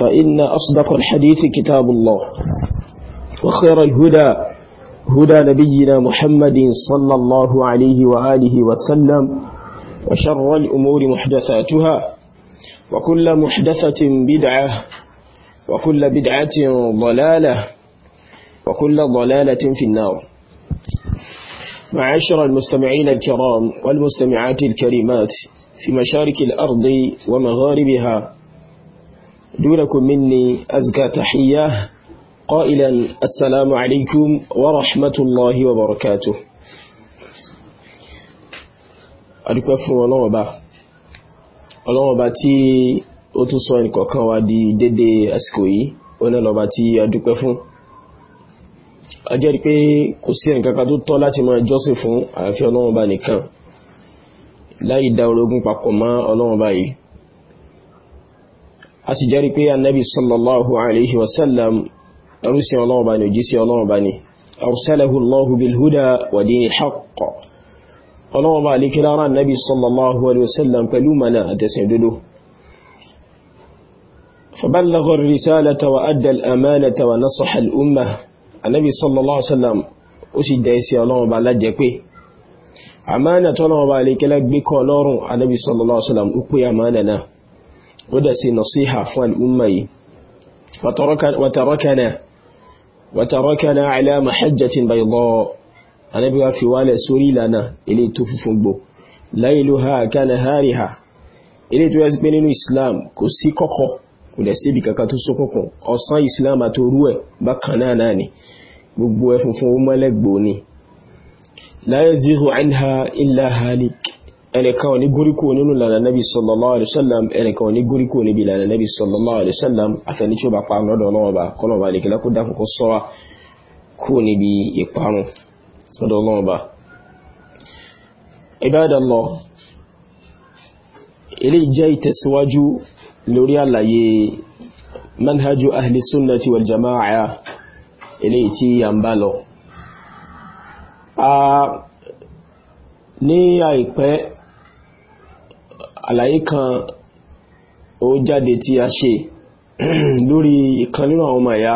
فإن أصدق الحديث كتاب الله وخير الهدى هدى نبينا محمد صلى الله عليه وآله وسلم وشر الأمور محدثاتها وكل محدثة بدعة وكل بدعة ضلالة وكل ضلالة في النار معاشر المستمعين الكرام والمستمعات الكريمات في مشارك الأرض ومغاربها دونكم مني أزكى تحية قائلا السلام عليكم ورحمة الله وبركاته adúpẹ́ fún ọlọ́run ọba ọlọ́run ọba tí ó tún sọ ẹnìkọ̀ọ̀kan wa di dédé àsìkò yìí ó náà lọ́ba tí adúpẹ́ fún a jẹ́rìí pé kò sí ẹnìkankan tó tọ́ láti máa jọ́sìn fún àyàfi ọlọ́run ọba nìkan láì dá orogún papọ̀ mọ́ ọlọ́run ọba yìí a sì jẹ́rìí pé annabi sallallahu alaihi wasallam rúsí ọlọ́ọ̀bá ni òjísí ọlọ́ọ̀bá ni arsalahu allahu bilhuda wa dini haqqa ọlọ́ọ̀bá alékílára annabi sallallahu alaihi wasallam pẹ̀lú mana àtẹsẹ̀ dodo فبلغ الرسالة وأدى الأمانة ونصح الأمة النبي صلى الله عليه وسلم أسي دايسي الله وبالجة أمانة الله وبالك لك بك النبي صلى الله عليه وسلم أقوي أمانة ó dẹ̀ sí nasiha fún al'umma yìí wàtàrọ́kẹ́nà wàtàrọ́kẹ́nà aláàmà hajjatin bayda anábi wa fi wálẹ̀ sórí ìlànà ilé tó fúnfún gbò layluha kanahariha ilé tó yẹ sí pé nínú islam kò sí kọ́kọ́ kò dẹ̀ sí ibi kankan tó sókùnkùn ọ̀sán islam àtorú ẹ̀ bákan náà náà ni gbogbo ẹ̀ funfun ó mọ́lẹ́gbò ni la yazighu anha illa halik ẹnìkan ò ní gúríkò nínú ìlànà nẹ́bí sallallahu alaihi wasallam ẹnìkan ò ní gúríkò níbi ìlànà nẹ́bí sallallahu alaihi wasallam àfẹ́ni tí ó bá parun lọ́dọ̀ ọlọ́ọ̀bá kọlọ̀ọ̀bá lè kílá kó dákùn kó sọ́wá kú níbi ìparun lọ́dọ̀ ọlọ́ọ̀bá Ibadallah ilé jẹ́ ìtẹ̀síwájú lórí àlàyé manhajú ahli ní àìpẹ́ àlàyé kan ó jáde tí a ṣe lórí ìkan nínú àwọn ọmọ ẹ̀yà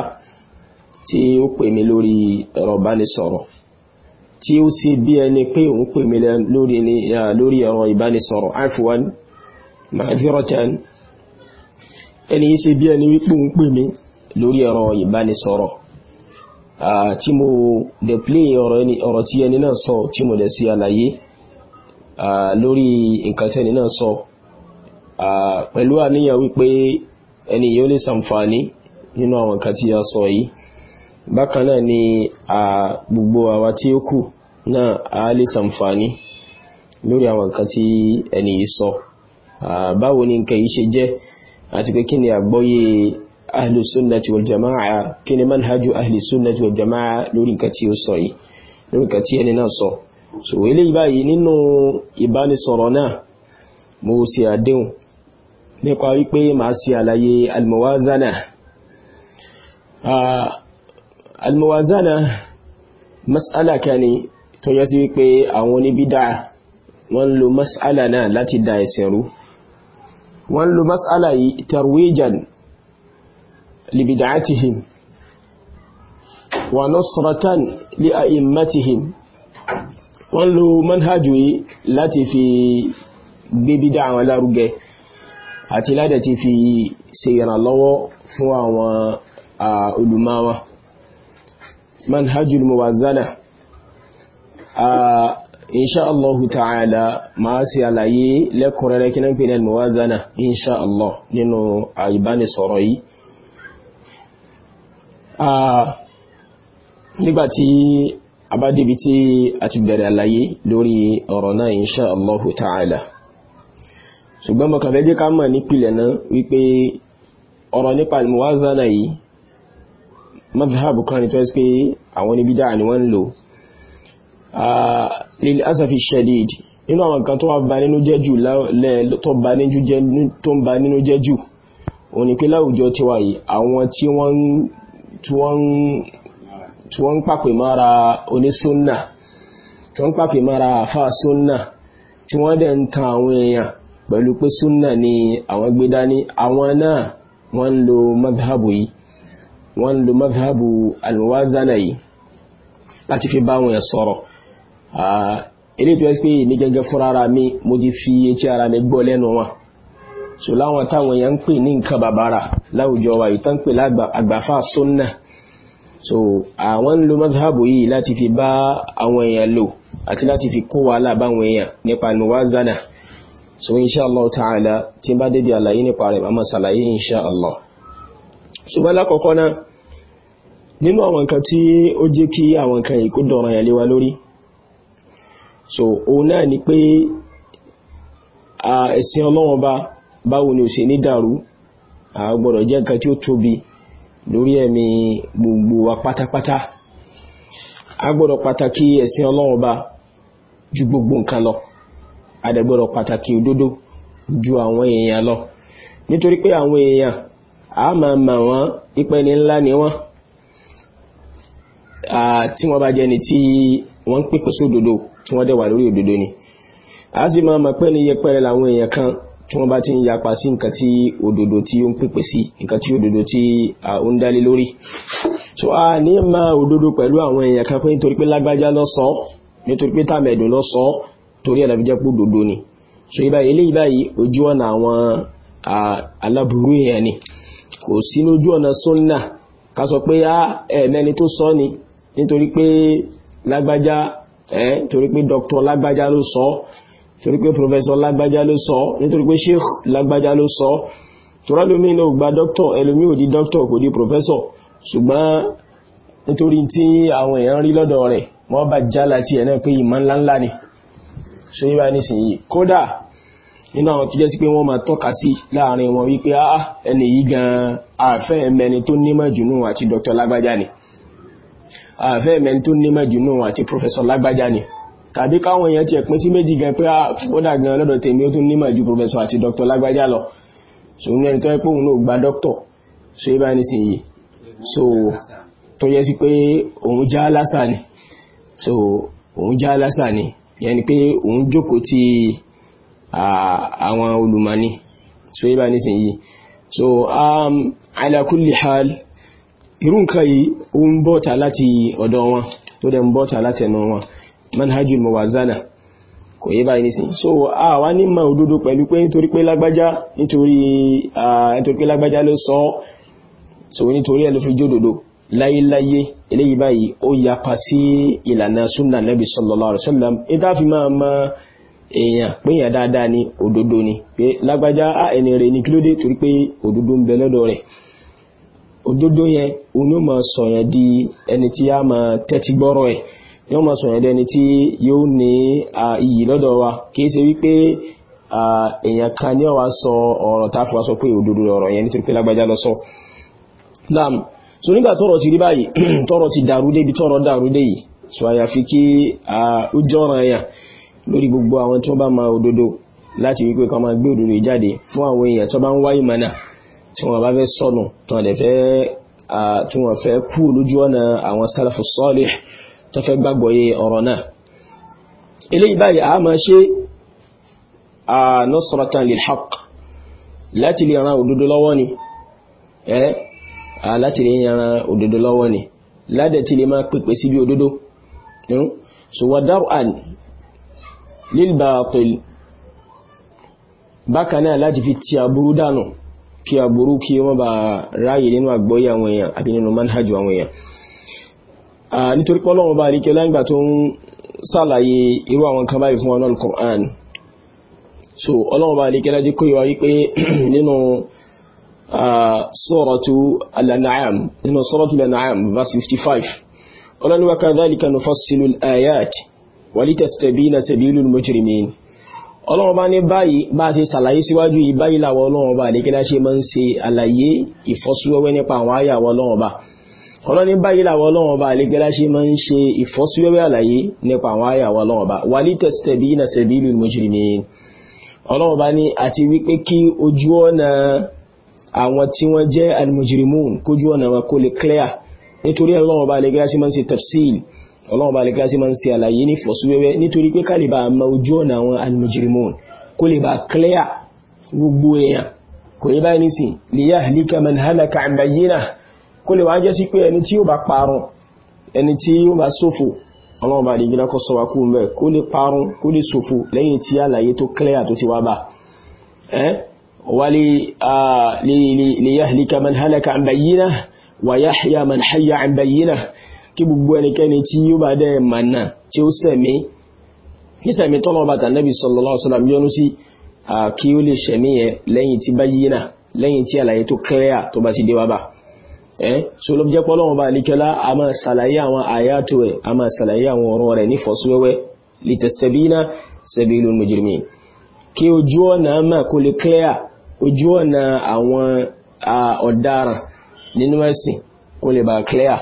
tí ó pè mí lórí ẹ̀rọ ìbánisọ̀rọ̀ tí ó sì bí ẹni pé òun pè mí lórí ẹ̀rọ ìbánisọ̀rọ̀ afwan ma'aziratan ẹni yìí ṣe bí ẹni wípé òun pè mí lórí ẹ̀rọ ìbánisọ̀rọ̀ tí mo dẹ̀ plé ọ̀rọ̀ tí ẹni náà sọ tí mo dẹ̀ sí àlàyé lórí nǹkan tẹ́ni náà sọ pẹ̀lú àníyàn wípé ẹni yóò lè sàǹfààní nínú àwọn nǹkan tí a sọ yìí bákan náà ni gbogbo àwa tí ó kù náà a lè sàǹfààní lórí àwọn nǹkan tí ẹni yìí sọ báwo ni nǹkan yìí ṣe jẹ́ àti pé kí ni àgbọ́yé ahlu sunnati wal jama'a kí manhaju ahlu sunnati wal jama'a lórí nǹkan tí ó sọ yìí lórí nǹkan tí ẹni náà sọ so eléyìí báyìí nínú ìbánisọ̀rọ̀ náà mo ṣe àdéhùn nípa wípé màá ṣe àlàyé almuwazana almuwazana mas'ala kan ni tó yẹ sí wípé àwọn oníbídà wọ́n lo mas'ala náà láti da ẹ̀sìn wọ́n lo mas'ala yìí tarwijan libida'atihim wa nusratan li a'immatihim wọ́n lo manhajú yìí láti fi gbé bídá àwọn lárugẹ àti láti ti fi ṣe ìrànlọ́wọ́ fún àwọn olùmọ́wọ́ manhajú muwazzana insha Allah ta'ala máa ṣe àlàyé lẹ́kùnrẹ́rẹ́ kí náà pè ní muwazzana insha Allah nínú àìbánisọ̀rọ̀ yìí nígbàtí abádébí tí a ti bẹ̀rẹ̀ àlàyé lórí ọ̀rọ̀ náà insha allahu ta'ala ṣùgbọ́n mọ̀kàn fẹ́ jẹ́ ká mọ̀ nípìlẹ̀ náà wípé ọ̀rọ̀ nípa almuwazana yìí madhhabu kan ní tó pé àwọn oníbí dáa ni wọ́n ń lò lil asafi shadid nínú àwọn nǹkan tó wà bà nínú jẹ́ jù tó bà nínú jẹ́ jù òun ni pé láwùjọ tiwa yìí àwọn tí wọ́n tí wọ́n ń pàpè mọ́ra onísúnnà tí wọ́n ń pàpè mọ́ra àfà súnnà tí wọ́n dẹ̀ ń tan àwọn èèyàn pẹ̀lú pé súnnà ni àwọn gbé dání àwọn náà wọ́n ń lo madhabu yìí wọ́n ń lo madhabu alwazana yìí láti fi bá wọn sọ̀rọ̀ ilé tó ẹ́ pé ní gẹ́gẹ́ fúnra ara mi mo ti fi etí ara mi gbọ́ lẹ́nu wọn so láwọn táwọn èèyàn ń pè ní nǹkan bàbára láwùjọ wa ìtàn pè lágbàfà súnnà so àwọn ń lo mazhabu yìí láti fi bá àwọn èèyàn lò àti láti fi kó wàhálà báwọn èèyàn nípa muwazana so inshallah ta'ala tí bá dédé àlàyé nípa rẹ̀ bá masàlàyé inshallah ṣùgbọ́n lákọ̀ọ́kọ́ náà nínú àwọn nǹkan tí ó jẹ́ kí àwọn nǹkan yìí kó dọ̀ràn yà lé lórí so òun náà ni pé ẹ̀sìn ọlọ́wọ́n bá báwo ni ò ṣe ní dàrú a gbọ́dọ̀ jẹ́ nǹkan tí ó tóbi lórí ẹ̀mí gbogbo wa pátápátá a gbọ́dọ̀ pàtàkì ẹ̀sìn ọlọ́run ọba ju gbogbo nǹkan lọ a dẹ̀ gbọ́dọ̀ pàtàkì òdodo ju àwọn èèyàn lọ nítorí pé àwọn èèyàn a máa mà wọ́n pípẹ́ ní ńlá ni wọ́n tí wọ́n bá jẹni tí wọ́n ń pèpè sí òdodo tí wọ́n dẹ̀ wà lórí òdodo ni a sì máa mọ̀ pé ní yẹpẹrẹ làwọn èèyàn kan tí wọ́n bá ti ń yapa sí nǹkan tí òdodo tí ó ń pèpè sí nǹkan tí òdodo tí ó ń dálé lórí so a ní ma òdodo pẹ̀lú àwọn èèyàn kan pé nítorí pé lágbájá ló sọ nítorí pé tàmẹ̀dùn ló sọ torí ẹ̀lá fi jẹ́ pé òdodo ni so ibà eléyìí báyìí ojú ọ̀nà àwọn aláburú èèyàn ni kò sí lójú ọ̀nà sunna ká sọ pé a ẹ̀mẹ́ni tó sọ ni nítorí pé lágbájá ẹ̀ torí pé dr lágbájá ló sọ torí pé professor lágbájá ló sọ nítorí pé sheikh lágbájá ló sọ torá lómi náà gba doctor ẹlòmí ò di doctor kò di professor ṣùgbọ́n nítorí tí àwọn èèyàn rí lọ́dọ̀ rẹ̀ wọ́n bá jálá tí ẹ̀ náà pé ìmọ̀ ńláńlá ni ṣe yíba nísìnyí kódà nínú àwọn tó jẹ́ sí pé wọ́n máa tọ́ka sí láàrin wọn wípé ah ẹni yìí gan àfẹ́ mẹni tó nímọ̀ jùnú àti dr lágbájá ni àfẹ́ mẹni tó nímọ̀ jùnú àti professor lágbájá ni tàbí káwọn èèyàn ti ẹ̀pín sí méjì gan pé ah, ó dàgbà lọ́dọ̀ tèmi ó tún nímọ̀ ju professor àti doctor lágbájá lọ so ní ẹni tó yẹ pé òun ló gba doctor so ibà ní sìn yìí so tó yẹ sí pé òun já lásà ni so òun já lásà ni yẹn ni pé òun jókòó ti àwọn olùmọ̀ni so ibà ní sìn yìí so um, ala hal irú nǹkan yìí ó ń bọ̀ta láti ọ̀dọ̀ wọn tó dẹ̀ ń bọ̀ta láti ẹnu wọn manhajul muwazana kò yé báyìí nísìn so a wá ní ma òdodo pẹ̀lú pé nítorí pé lágbájá nítorí nítorí pé lágbájá ló sọ so nítorí ẹ̀ ló fi jódodo láyéláyé eléyìí báyìí ó yapa sí ìlànà súnà nabi sallallahu alaihi wasallam ìta fi máa ma èèyàn péyàn dáadáa ni òdodo ni pé lágbájá á ẹni rẹ̀ ní kílódé torí pé òdodo ń bẹ lọ́dọ̀ rẹ̀ òdodo yẹn òun sọ̀yàn di ẹni tí a máa tẹ́tí gbọ́rọ̀ ẹ̀ yóò máa sọ̀rọ̀ ẹ̀dẹ́ni tí yóò ní iyì lọ́dọ̀ wa kìí ṣe wípé èèyàn kan ní ọwà sọ ọ̀rọ̀ tá a fi wá sọ pé òdodo ọ̀rọ̀ yẹn nítorí pé lágbájá lọ sọ naam so nígbà tọ́rọ̀ ti rí báyìí tọ́rọ̀ ti dàrú débi tọ́rọ̀ dàrú dé yìí so àyàfi kí ó jọ́ràn èèyàn lórí gbogbo àwọn tí wọ́n bá máa òdodo láti wípé kan máa gbé òdodo ìjáde fún àwọn èèyàn tó bá ń wá ìmọ̀nà tí wọ́n bá fẹ́ sọnù tí wọ́n fẹ́ kú lójú ọ̀nà àwọn sálàfù sọ́ọ̀lẹ̀ tó fẹ́ gbàgbọ́yé ọ̀rọ̀ náà eléyìí báyìí a máa ṣe a nusratan lil haqq láti lè ran òdodo lọ́wọ́ ni ẹ́ láti lè ran òdodo lọ́wọ́ ni ládẹ̀ tí lè máa pèpè sí bí òdodo so wa dar'an lil batil bákan náà láti fi ti aburú dànù kí nítorí pé Ọlọ́run bá ní kí láńgbà tó ń sàlàyé irú àwọn kan báyìí fún ọlọ́run Qur'an so Ọlọ́run bá ní kí lájú kó wípé nínú suratu al-An'am nínú suratu al-An'am verse 55 Ọlọ́run wa kadhalika nufassilu al-ayat walitastabina sabilu al-mujrimin Ọlọ́run bá ní báyìí bá ti sàlàyé síwájú yìí báyìí làwọn Ọlọ́run bá ní kí láṣe máa ọlọ́ni báyìí làwọn ọlọ́wọ́n ọba àlégẹ́lá ṣe máa ń ṣe ìfọ́síwẹ́wẹ́ àlàyé nípa àwọn àyà àwọn ọlọ́wọ́n ọba wà ní tẹ̀sítẹ̀bí na sẹ̀bílù mujrimin ọlọ́wọ́n ọba ní àti wípé kí ojú ọ̀nà àwọn tí wọ́n jẹ́ al-mujrimun kójú ọ̀nà wọn kó lè clear nítorí ọlọ́wọ́n ọba àlégẹ́lá ṣe máa ń ṣe tafsil ọlọ́wọ́n ọba àlégẹ́lá ṣe máa ń ṣe àlàyé ní ìfọ́síwẹ́wẹ́ nítorí pé kálíbà àmọ́ ojú ọ̀nà àwọn al-mujrimun kó lè bá clear gbogbo èèyàn kò yẹ báyìí nísìn liyahlika man halaka an bayyinah kó lè wá jẹ́ sí pé ẹni tí ó bá parun ẹni tí ó bá ṣòfò ọlọ́run bá dìgbìlá kọ́ sọ wa kú mẹ́ kó lè parun kó lè ṣòfò lẹ́yìn tí àlàyé tó clear tó ti wá bá ẹ́ wà lè yahlika man halaka an bayyina wà yahya man hayya kí gbogbo ẹnikẹ́ni tí ó bá dẹ́ mànà tí ó sẹ̀mí kí sẹ̀mí tọ́lọ́ bàtà nẹ́bí sallallahu alaihi wasallam yọnu sí kí ó lè sẹ̀mí yẹn lẹ́yìn tí bayyina lẹ́yìn tí àlàyé tó clear tó bá ti dé bá ẹ́ eh? so ló jẹ́ pọ́lọ́wọ́n bá alikẹ́lá a máa sàlàyé àwọn àyàtò ẹ̀ a máa sàlàyé àwọn ọ̀rọ̀ rẹ̀ ní fọ́síwẹ́wẹ́ litastabina sabilul mujrimin kí ojú ọ̀nà máa kó lè clear ojú ọ̀nà àwọn ọ̀daràn nínú ẹ̀sìn kó lè bá clear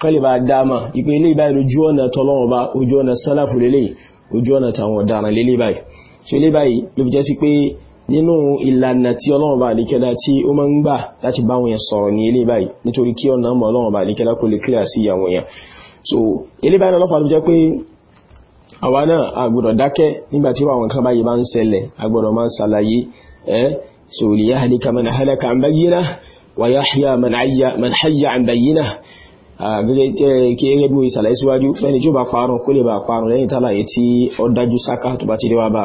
kó lè bá dáma ipe ilé ìbáyìí lójú ọ̀nà tọ́lọ́wọ́n bá ojú ọ̀nà sálàfù lélẹ̀ ojú ọ̀nà tàwọn ọ̀daràn lélẹ̀ báyìí so ilé nínú ìlànà tí ọlọ́run bá àdíkẹ́lá tí ó máa ń gbà láti bá wọn yẹn sọ̀rọ̀ ní ilé báyìí nítorí kí ọ̀nà mọ̀ ọlọ́run bá àdíkẹ́lá kó lè kílà sí àwọn èèyàn so ilé báyìí lọ́fà ló jẹ́ pé àwa náà àgbọ̀dọ̀ dákẹ́ nígbà tí àwọn kan báyìí bá ń ṣẹlẹ̀ àgbọ̀dọ̀ máa ń ṣàlàyé ẹ́ so liyahlika man halaka an bayyinah wa yahya man hayya an bayyinah gẹ́gẹ́ bí ìsàlẹ̀ síwájú fẹ́ni tí ó bá parun kó lè bá parun lẹ́yìn tálàyé tí ó dájú sáká tó bá ti rí wá bá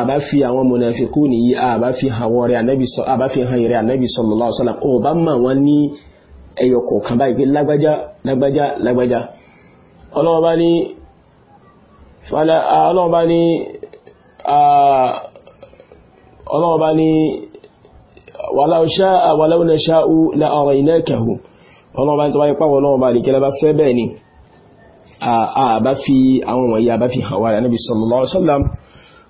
àbá fi àwọn mọ̀nàfikú nìyí àbá fi àwọn rẹ̀ àbá fi hàn rẹ̀ ànábì sallallahu alaihi wasallam ọba mà wọ́n ní ẹyọ kọ̀ọ̀kan báyìí pé lágbájá lágbájá lágbájá ọlọ́wọ́ bá ní ọlọ́wọ́ bá ní ọlọ́wọ́ bá ní walau sha'a walau nasha'u la araynakahu ọlọ́wọ́ bá ní tọ́wáyé pàwọ́ ọlọ́wọ́ bá ní kí lábá fẹ́ bẹ́ẹ̀ ni àbá fi àwọn wọ̀nyí àbá fi hàn wà sallallahu alaihi wasallam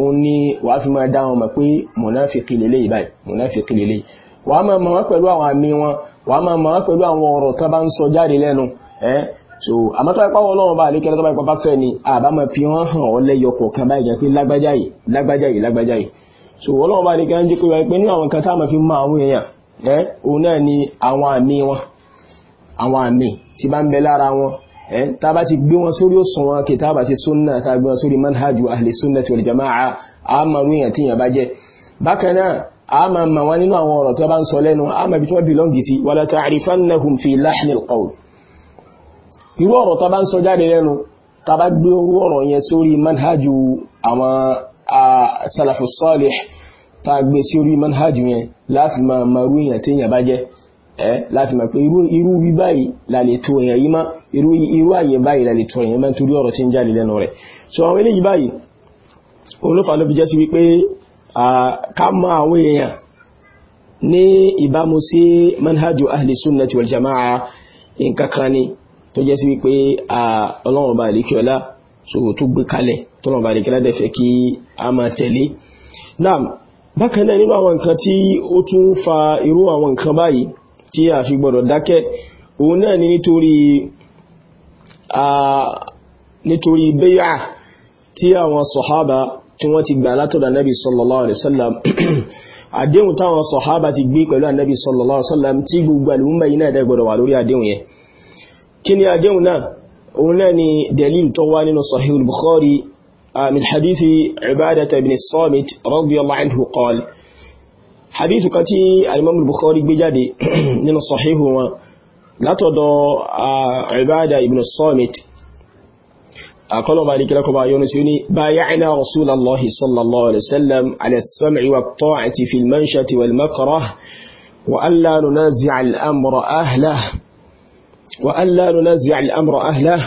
òun ni wàá fi máa dá wọn mọ̀ pé mùnáfíkì lélẹ̀ yìí báyìí mùnáfíkì lélẹ̀ yìí wàá máa mọ̀ wọ́n pẹ̀lú àwọn àmì wọn wàá máa mọ̀ wọ́n pẹ̀lú àwọn ọ̀rọ̀ tó bá ń sọ jáde lẹ́nu ẹ́ so àmọ́ tó bá pàwọ́ ọlọ́run bá àlékẹ́lẹ́ tó bá pàpá fẹ́ ni àbá máa fi wọ́n hàn ọ́ lẹ́yọ kọ̀ọ̀kan báyìí jẹ́ pé lágbájá yìí lágbájá yìí lágbájá so ọlọ́run bá àlékẹ́lẹ́ ń jẹ́ ni àwọn àmì wọn àwọn àmì tí bá ń bẹ lára ta bá ti gbé wọn sórí òsùnwọn kìtàbà ti súnnà ta gbé wọn sórí manhajù ahli sunnati wal jama'a a ma rú èyàn tí èyàn bá jẹ́ bákanáà a ma ma wọn nínú àwọn ọ̀rọ̀ tó bá ń sọ lẹ́nu a ma bí tó bìlọ́ngì sí wala ta'rifannahum fi lahnil qawl irú ọ̀rọ̀ ẹ́ eh, láti mọ̀ pé irú wí báyìí lálẹ́ tó èèyàn yí má irú àyè báyìí lálẹ́ tó èèyàn má torí ọ̀rọ̀ tí ń jáde lẹ́nu rẹ̀ so àwọn eléyìí báyìí òun ló fà ló fi jẹ́ sí wípé ká mọ àwọn èèyàn ní ìbámu sí manhajú ahli sunnati jama'a nǹkan kan ni tó jẹ́ sí wípé ọlọ́run ọba àlékiọlá so tó gbé kalẹ̀ tọ́lọ́run ọba àlékiọlá dẹ̀ fẹ́ kí a máa tẹ̀lé bákan náà nínú àwọn nǹkan tí ó tún fa irú àwọn nǹkan báyìí tí a fi gbọ́dọ̀ dákẹ́ òun náà ni nítorí nítorí bẹ́yà tí àwọn sọ̀hábà tí wọ́n ti gbà látọ̀dọ̀ Ànábì sallallahu alaihi wasallam àdéhùn táwọn sọ̀hábà ti gbé pẹ̀lú Ànábì sallallahu alaihi wasallam tí gbogbo alùmọ̀ yìí náà dẹ̀ gbọ́dọ̀ wà lórí àdéhùn yẹn kí ni àdéhùn náà òun náà ni dalil tó hadithu kan tí alimami bukhari gbé jáde nínú sahihu wọn látọ̀dọ̀ ibada ibn samit akọlọ̀bà ní kílákọ̀bà yọnu sí ní bay'na rasulallahi sallallahu alaihi wasallam ala sam'i wa ta'ati fil manshati wal makrah wa alla nunazi'a al-amra ahlah wa alla nunazi'a al-amra ahlah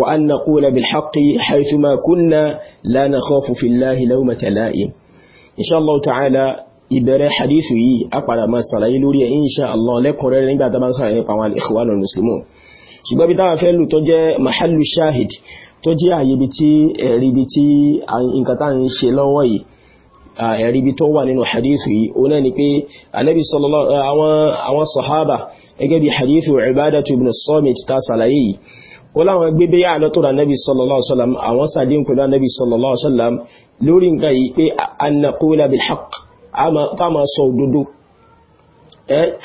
wa an naqula bil haqqi haythuma kunna la nakhafu fillahi lawmata la'im insha Allah ta'ala ìbẹ̀rẹ̀ hadithu yìí a padà máa sàlàyé lórí ẹ̀ insha Allah lẹ́kọ̀ọ́rẹ́ nígbà tá bá ń sàlàyé nípa àwọn al-ikhwanul muslimun ṣùgbọ́n bí táwọn fẹ́ lù tó jẹ́ mahallu shahid tó jẹ́ àyè ibi tí ẹ̀rí ibi tí nǹkan tá ń ṣe lọ́wọ́ yìí ẹ̀rí ibi tó wà nínú hadithu yìí ó náà ni pé anabi sallallahu àwọn sahaba gẹ́gẹ́ sàdínkù lánàbì sallallahu alaihi wasallam lórí nǹkan yìí pé an bil haqq táàmà sọ òdodo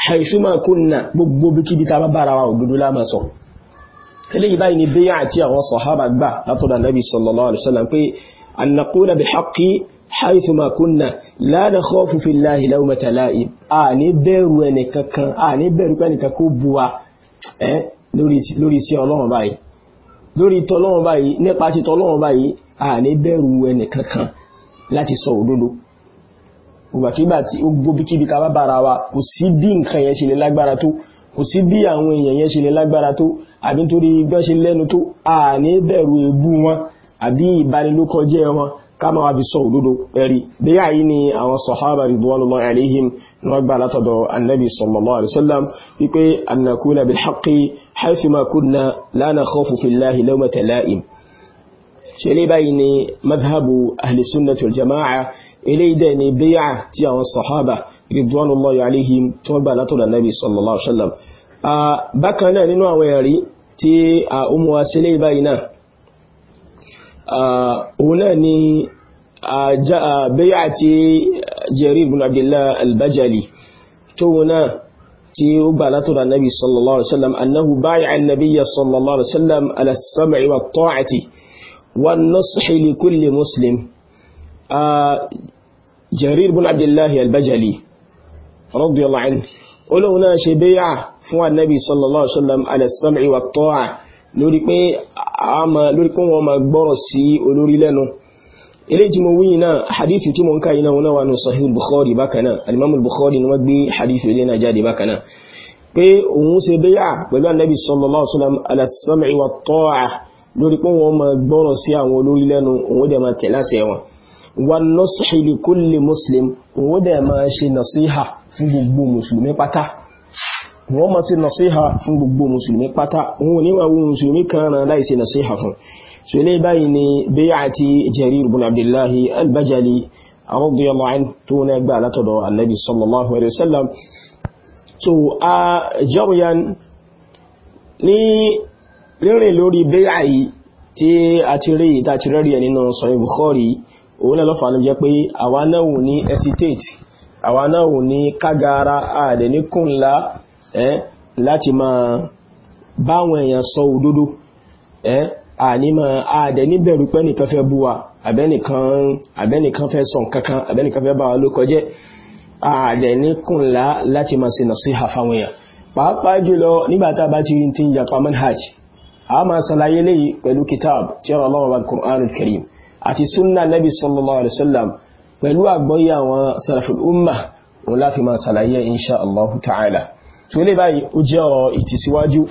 haithuma kunna gbogbo bí kíbi ta bá bára wa òdodo láàmà sọ eléyìí báyìí ni bíyà àti àwọn sọ̀hábà gbà látọ̀dà nabi sallallahu alaihi wasallam pé an naqula bi haqqi haithuma kunna la nakhafu fillahi lawmata la'im a ní bẹ̀rù ẹni kankan a ní bẹ̀rù ẹni kankan kó buwa lórí sí láti sọ òdodo ògbàkígbà tí ó gbóbi kíbi ká bá bára wa kò sí bí nǹkan yẹn ṣe lè lágbára tó kò sí bí àwọn èèyàn yẹn ṣe lè lágbára tó àbí nítorí bẹ́ẹ̀ ṣe lẹ́nu tó à bẹ̀rù ègbú wọn àbí ìbanilókọjẹ́ wọn ká máa fi sọ òdodo ẹ̀rí bí àyí ni àwọn sọ̀hábà ridwanullahi alaihim wọ́n gbà látọ̀dọ̀ annabi sallallahu alaihi wípé an nakuna haqqi haythuma kunna la nakhafu fillahi ṣe ilé báyìí ni madhabu ahlisunnati wal jama'a ilé ìdẹ́ ni bíyà tí àwọn sahaba ridwanullahi alaihim tó gbà látọ̀dọ̀ nabi sallallahu alaihi wasallam bákan náà nínú àwọn ẹ̀rí tí a umu wa sílé báyìí náà òun náà ni bíyà tí Jarir ibn Abdillah al-Bajali tó náà tí ó gbà látọ̀dọ̀ nabi sallallahu alaihi wasallam annahu báyà annabiyya sallallahu alaihi wasallam ala sam'i wa ta'ati والنصح لكل مسلم آه جرير بن عبد الله البجلي رضي الله عنه olóhun náà ṣe bẹ́yà fún annabi sallallahu alaihi wasallam alẹ́sàmì wa tọ́à lórí pé wọ́n ma gbọ́rọ̀ sí olórí lẹ́nu ilé tí mo wíyìn náà hadithu tí mo ń káyí náà wọ́n sahih bukhari bákaná alimamul bukhari ni wọ́n gbé hadithu ilé náà jáde bákaná pẹ̀lú annabi sallallahu alaihi alẹ́sàmì wa tọ́à lórí pé wọ́n máa gbọ́rọ̀ sí àwọn olórí lẹ́nu òun dẹ̀ máa tẹ̀láṣẹ wọn wà nọ́sùhì li kulli muslim òun dẹ̀ máa ṣe nàṣíhà fún gbogbo mùsùlùmí pátá wọ́n máa ṣe nàṣíhà fún gbogbo mùsùlùmí pátá òun ní wà wọ́n mùsùlùmí kan náà láì ṣe nàṣíhà fún so ilé báyìí ni bay'ati jarir bin abdullahi albajali radiyallahu anhu tó náà gbà látọ̀dọ̀ annabi sallallahu alaihi wasallam so a jaryan ní rírìn lórí bẹ́yà yìí tí a ti rí ìta ti rẹ́rí ẹ̀ nínú Sahih Bukhari òun náà lọ́fà ló jẹ́ pé àwa náà wò ní hesitate àwa náà wò ní kágara ààdẹ̀ ní kùnlá ẹ́ láti máa báwọn èèyàn sọ òdodo ẹ́ ànímọ̀ ààdẹ̀ níbẹ̀rù pé nìkan fẹ́ bú wa àbẹ́nìkan àbẹ́nìkan fẹ́ sọ kankan àbẹ́nìkan fẹ́ bá wa ló kọjẹ́ ààdẹ̀ ní kùnlá láti máa ṣe nasiha fáwọn èèyàn pàápàá jùlọ nígbà bá ti rí ti ń yapa manhaj a máa ṣàlàyé léyìí pẹ̀lú kitab tírà Ọlọ́run bá Qur'anul Karim àti sunna nabi sallallahu alaihi wasallam pẹ̀lú àgbọ́yé àwọn salaful umma wọn láti máa ṣàlàyé insha Allah ta'ala tó lè báyìí ó jẹ́ ọ̀rọ̀ ìtìsíwájú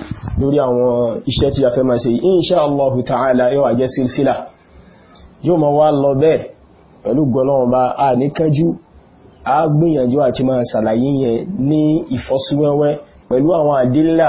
lórí àwọn iṣẹ́ tí a fẹ́ máa ṣe insha Allah ta'ala yóò àjẹ́ sílsílà yóò máa wá lọ bẹ́ẹ̀ pẹ̀lú gbọ́lọ́wọ́n a ní kánjú a gbìyànjú àti máa ṣàlàyé yẹn ní ìfọ́síwẹ́wẹ́ pẹ̀lú àwọn àdílà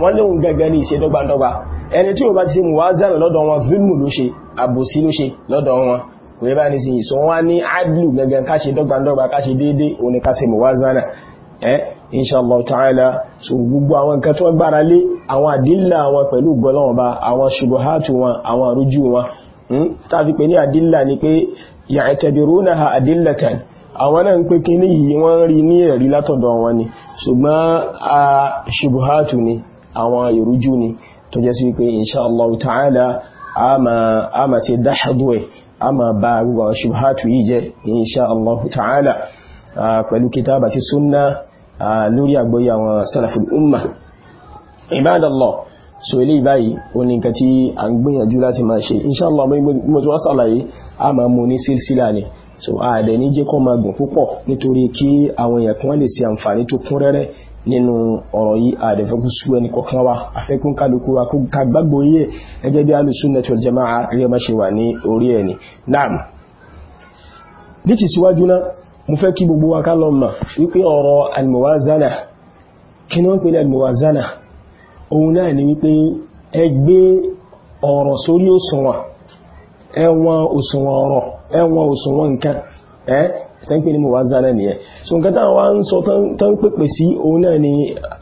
wọ́n léhun gẹ́gẹ́ ní ìṣe dọ́gbàdọ́gbà ẹni tí ó bá ti ṣe muwazana lọ́dọ̀ wọn zulmù ló ṣe àbòsí ló ṣe lọ́dọ̀ wọn kò yẹ bá ní sí ìṣọ́ wọ́n ní adlu gẹ́gẹ́ ká ṣe dọ́gbàdọ́gbà ká ṣe déédé òní ká ṣe muwazana ẹ́ inshallah ta'ala so gbogbo àwọn nǹkan tí wọ́n gbára lé àwọn àdílà wọn pẹ̀lú gbọ́lọ́wọ́n bá àwọn ṣubuhatu hmm? àwọn náà ń pé kí ní yìí wọ́n rí ní ẹ̀rí látọ̀dọ̀ wọn ni ṣùgbọ́n a ṣubuhatu ni àwọn ìrújú ni tó jẹ́ sí wípé inṣàlọ́wù ta'ala a ma ṣe dáhàdù ẹ̀ a ma bá gbogbo ṣubhátù yìí jẹ́ inṣàlọ́wù ta'ala pẹ̀lú kìtàbà ti súnná lórí àgbóyí àwọn salaful umma ibadallah so ilé ìbáyìí o ní nǹkan tí a ń gbìyànjú láti máa ṣe inṣàlọ́ mọ́tí wọ́n sàlàyé a ma mú púpọ̀ nítorí kí àwọn èèyàn lè ṣe àǹfààní tó kún rẹ́rẹ́ nínú ọ̀rọ̀ yìí àdẹ̀fẹ́kú sú ẹni kọ̀kan wa afẹ́kún kálukú wa kó kàgbàgbò yíẹ̀ e. ẹgẹ́ bí Ahlus-Sunnah wal rí ọmọ ṣe wà ní orí ẹni naam ní ti síwájú náà mo gbogbo wa ká lọ mọ̀ wípé ọ̀rọ̀ al kí ni wọ́n pè ní al òun náà ni wípé ẹ tẹ́ńpé ní mọ̀wázánà nìyẹn so nǹkan táwọn wá ń sọ tán pèpè sí òun náà ni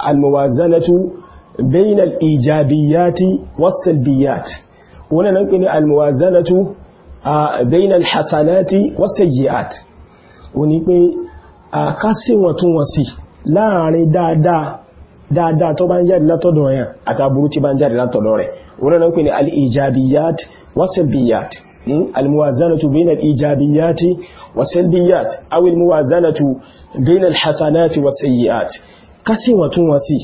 almọ̀wázánàtú bẹ́yìn ìjàbíyàtí wọ́sẹ̀lbíyàtí òun náà pè ní almọ̀wázánàtú bẹ́yìn alhassanati wọ́sẹ̀yíyàtí ó ní pé àkásíwọ̀ntúnwọ̀nsì láàrin dáadáa dáadáa tó bá ń jáde látọ̀dọ̀ yẹn àtàbúrú tí bá wọ́sẹ̀lbíyàtí الموازنة بين الإيجابيات والسلبيات أو الموازنة بين الحسنات والسيئات kásì wọ̀n tún wọ̀n sí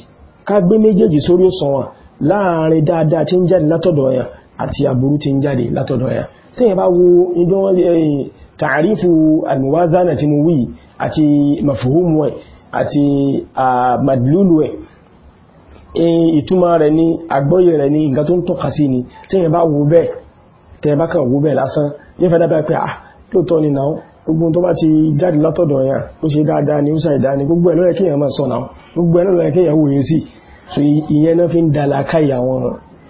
ká gbé méjèèjì sórí òṣùwọ̀n láàrin dáadáa tí ń jáde látọ̀dọ̀ ẹ̀yàn àti àbúrú tí ń jáde látọ̀dọ̀ ẹ̀yàn tí yẹn bá wo ìjọ tààrífù almuwazana tí mo wí àti mafuhumu ẹ̀ àti madlulu ẹ̀ ìtumọ̀ rẹ̀ ní àgbọ́yẹ̀ rẹ̀ ní nǹkan tó ń tọ́ka ni tí yẹn wo bẹ́ẹ̀ tẹ bá kàn wó bẹ́ẹ̀ lásán yẹ́ fẹ́ pé ah lóòótọ́ ni náà gbogbo tó bá ti jáde látọ̀dọ̀ yẹn ó ṣe dáadáa ni ó ṣe ìdá ni gbogbo ẹ̀ lọ́yẹ̀ kéèyàn máa sọ náà gbogbo ẹ̀ lọ́yẹ̀ kéèyàn wòye sí so ìyẹn náà fi ń dala káyì àwọn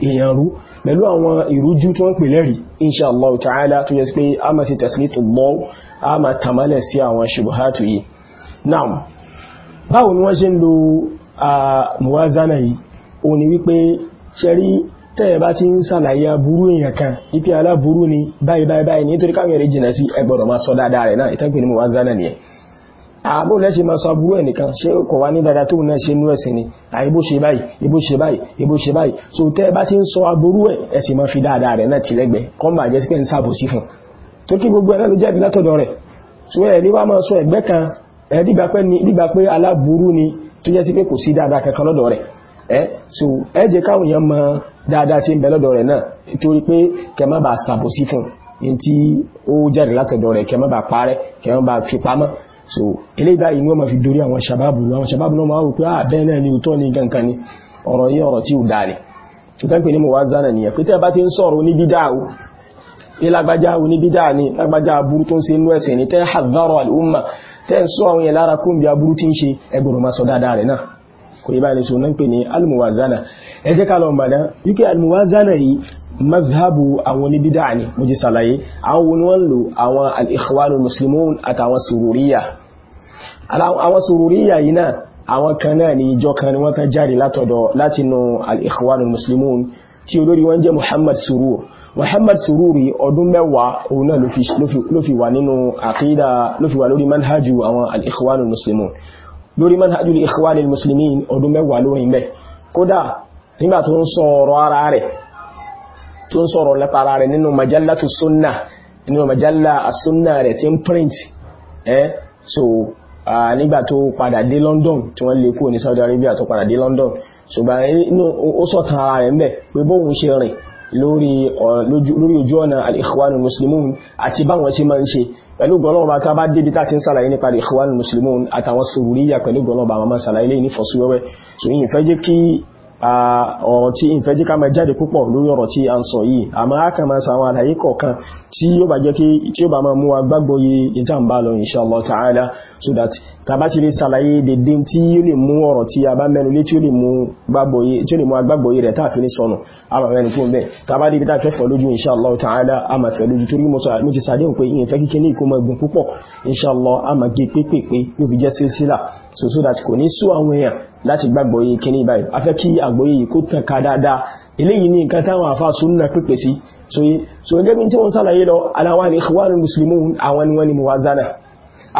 èèyàn rú pẹ̀lú àwọn ìrújú tí wọ́n pè lẹ́rìí inshallah ta'ala tó yẹ sí pé a máa ti tẹ̀sílẹ̀ tó gbọ́ a máa tàmálẹ̀ sí àwọn ṣubuhatu yìí now báwo ni wọ́n ṣe ń lo ah, muwazana yìí òun wípé ṣẹ́rí tẹ́yẹ̀ bá ti ń sàlàyé burú èèyàn kan ipi aláburú ni báyìí báyìí báyìí nítorí káwọn èrè jìnà sí ẹgbọ̀rọ̀ máa sọ dáadáa rẹ̀ náà ìtẹ́gbẹ̀ ni mo wá zánà nìyẹn àbò lẹ́ṣe máa sọ burú ẹnìkan ṣé kò wá ní dáadáa tó náà ṣe nú ẹ̀sìn ni àìbó ṣe báyìí ìbó ṣe báyìí ìbó ṣe báyìí so tẹ́ bá ti ń sọ aburú ẹ̀ ẹ̀sìn máa fi dáadáa rẹ̀ náà ti lẹ́gbẹ̀ kọ́mbà jẹ́ sípẹ́ ń sáàbò sí fún tó kí gbogbo ẹ̀rẹ́ ló jẹ́bi látọ̀dọ̀ rẹ̀ so ẹ̀ ní ẹ́ eh, so ẹ jẹ́ káwọn èèyàn mọ dáadáa tí ń bẹ lọ́dọ̀ rẹ̀ náà torí pé kẹ má bà sàbòsí fún in tí ó jáde látọ̀dọ̀ rẹ̀ kẹ má bà parẹ́ kẹ fi pamọ́ so eléyìí báyìí wọ́n ma fi dorí àwọn sàbábù àwọn sàbábù náà máa wò pé àbẹ́ ah, náà ni òótọ́ ni gankan ni ọ̀rọ̀ yí ọ̀rọ̀ tí ò dáa ni tó tán pè ní mo wá zánà nìyẹn pé tẹ́ bá ti ń sọ̀rọ̀ oníbídà o ní lágbájá oníbídà ni lágbájá aburú tó ń ṣe inú ẹ̀sìn ni tẹ́ hazaro al-umma tẹ́ ń sọ àwọn yẹn lára kóńbi aburú tí ń ṣe ẹgbẹ̀rún máa sọ dáadáa rẹ̀ náà kò yí báyìí sọ náà pè ní almuwazana ẹ jẹ́ ká lọ mọ̀dá wípé almuwazana yìí mazhabu àwọn oníbídà ni mo ti sàlàyé àwọn wọn àwọn al-ikhwanul àtàwọn sururiya àwọn sururiya yìí náà àwọn kan náà ni ìjọ kan ni wọ́n tán jáde látọ̀dọ̀ látinú al-ikhwanul muslimun tí olórí wọn jẹ́ muhammad surur muhammad sururi ọdún mẹ́wàá òun náà ló fi wà nínú àkídà ló fi wà lórí manhajú àwọn al-ikhwanul lórí manhajul ikhwanil muslimin ọdún mẹ́wàá lórí mẹ́ kódà nígbà tó ń sọ̀rọ̀ ara rẹ̀ tó ń sọ̀rọ̀ lẹ́pa ara rẹ̀ nínú majalla tu sunna nínú majalla asunna rẹ̀ tí ń print eh so nígbà tó padà dé London tí wọ́n lè kúrò ní Saudi Arabia tó padà dé London ṣùgbọ́n ó sọ̀tàn ara rẹ̀ ń pé bóun ṣe rìn Eh, lórí ojú ọ̀nà al-ikhwanul muslimun àti báwọn ṣe máa ń ṣe pẹ̀lú gọlọ́ọ̀bá tá bá débi tàti ń sàlàyé nípa al-ikhwanul muslimun àtàwọn sòrúríyà pẹ̀lú gọlọ́ọ̀bá ma sàlàyé ní fọ́síwẹ́wẹ́ so yìí fẹ́ jẹ́ kí ọ̀rọ̀ tí ìfẹ́ jí ká mẹ́ jáde púpọ̀ lórí ọ̀rọ̀ tí a ń sọ yìí àmọ́ a kàn máa sàwọn àlàyé kọ̀ọ̀kan tí yóò bá jẹ́ kí tí ó bá máa mú wa gbàgbọ́ yí ìjàmbá lọ inshallah ta'ala so that tàbá ti lè sàlàyé dédé tí yóò lè mú ọ̀rọ̀ tí a bá mẹ́nu lé tí ó lè mú gbàgbọ́ yí rẹ̀ táàfin inshallah ta'ala àmà fẹ́ lójú torí mo ti sàdéhùn pé ìyẹn fẹ́ kíkẹ́ inshallah àmà gé pépèpé ló fi jẹ́ sílsílà so so that kò láti gbàgbọ́ yìí kí ní báyìí a fẹ́ kí àgbọ́yé yìí kó tàn ká dáadáa eléyìí ní nǹkan táwọn àfá súnnà pípẹ̀ sí so so gẹ́gẹ́ bí tí wọ́n sàlàyé lọ aláwọ̀ ní ìwọ̀nù muslimun àwọn wọn ni muwazana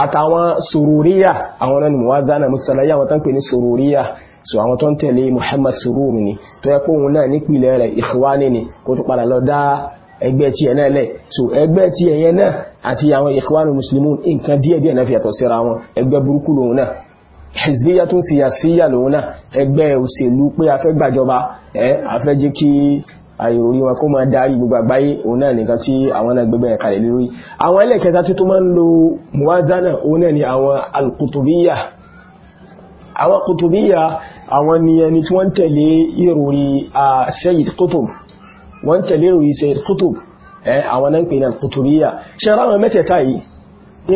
àtàwọn sururiya àwọn ni muwazana mo sàlàyé àwọn tán sururiya so àwọn tó ń tẹ̀lé muhammad sururi ni tó yẹ kóhun ni kó tó padà lọ dá so ẹgbẹ́ tí ẹ̀yẹn náà àti àwọn ikhwanul muslimun nǹkan díẹ̀ díẹ̀ náà fi hezbiya tún siyasiya lòun náà ẹgbẹ́ òṣèlú pé a fẹ́ gbàjọba ẹ́ a fẹ́ jẹ́ kí àìròrí wọn kó máa darí gbogbo àgbáyé òun náà nìkan tí àwọn náà gbẹgbẹ́ ẹ̀ka lè lórí àwọn ẹlẹ́kẹta tí tó máa ń lo muwazana òun náà ni àwọn alkutubiya àwọn kutubiya àwọn ni ẹni tí wọ́n tẹ̀lé ìròrí Sayyid Qutb wọ́n tẹ̀lé ìròrí Sayyid Qutb àwọn náà ń pè ní alkutubiya ṣe ara wọn mẹ́tẹ̀ẹ̀ta yìí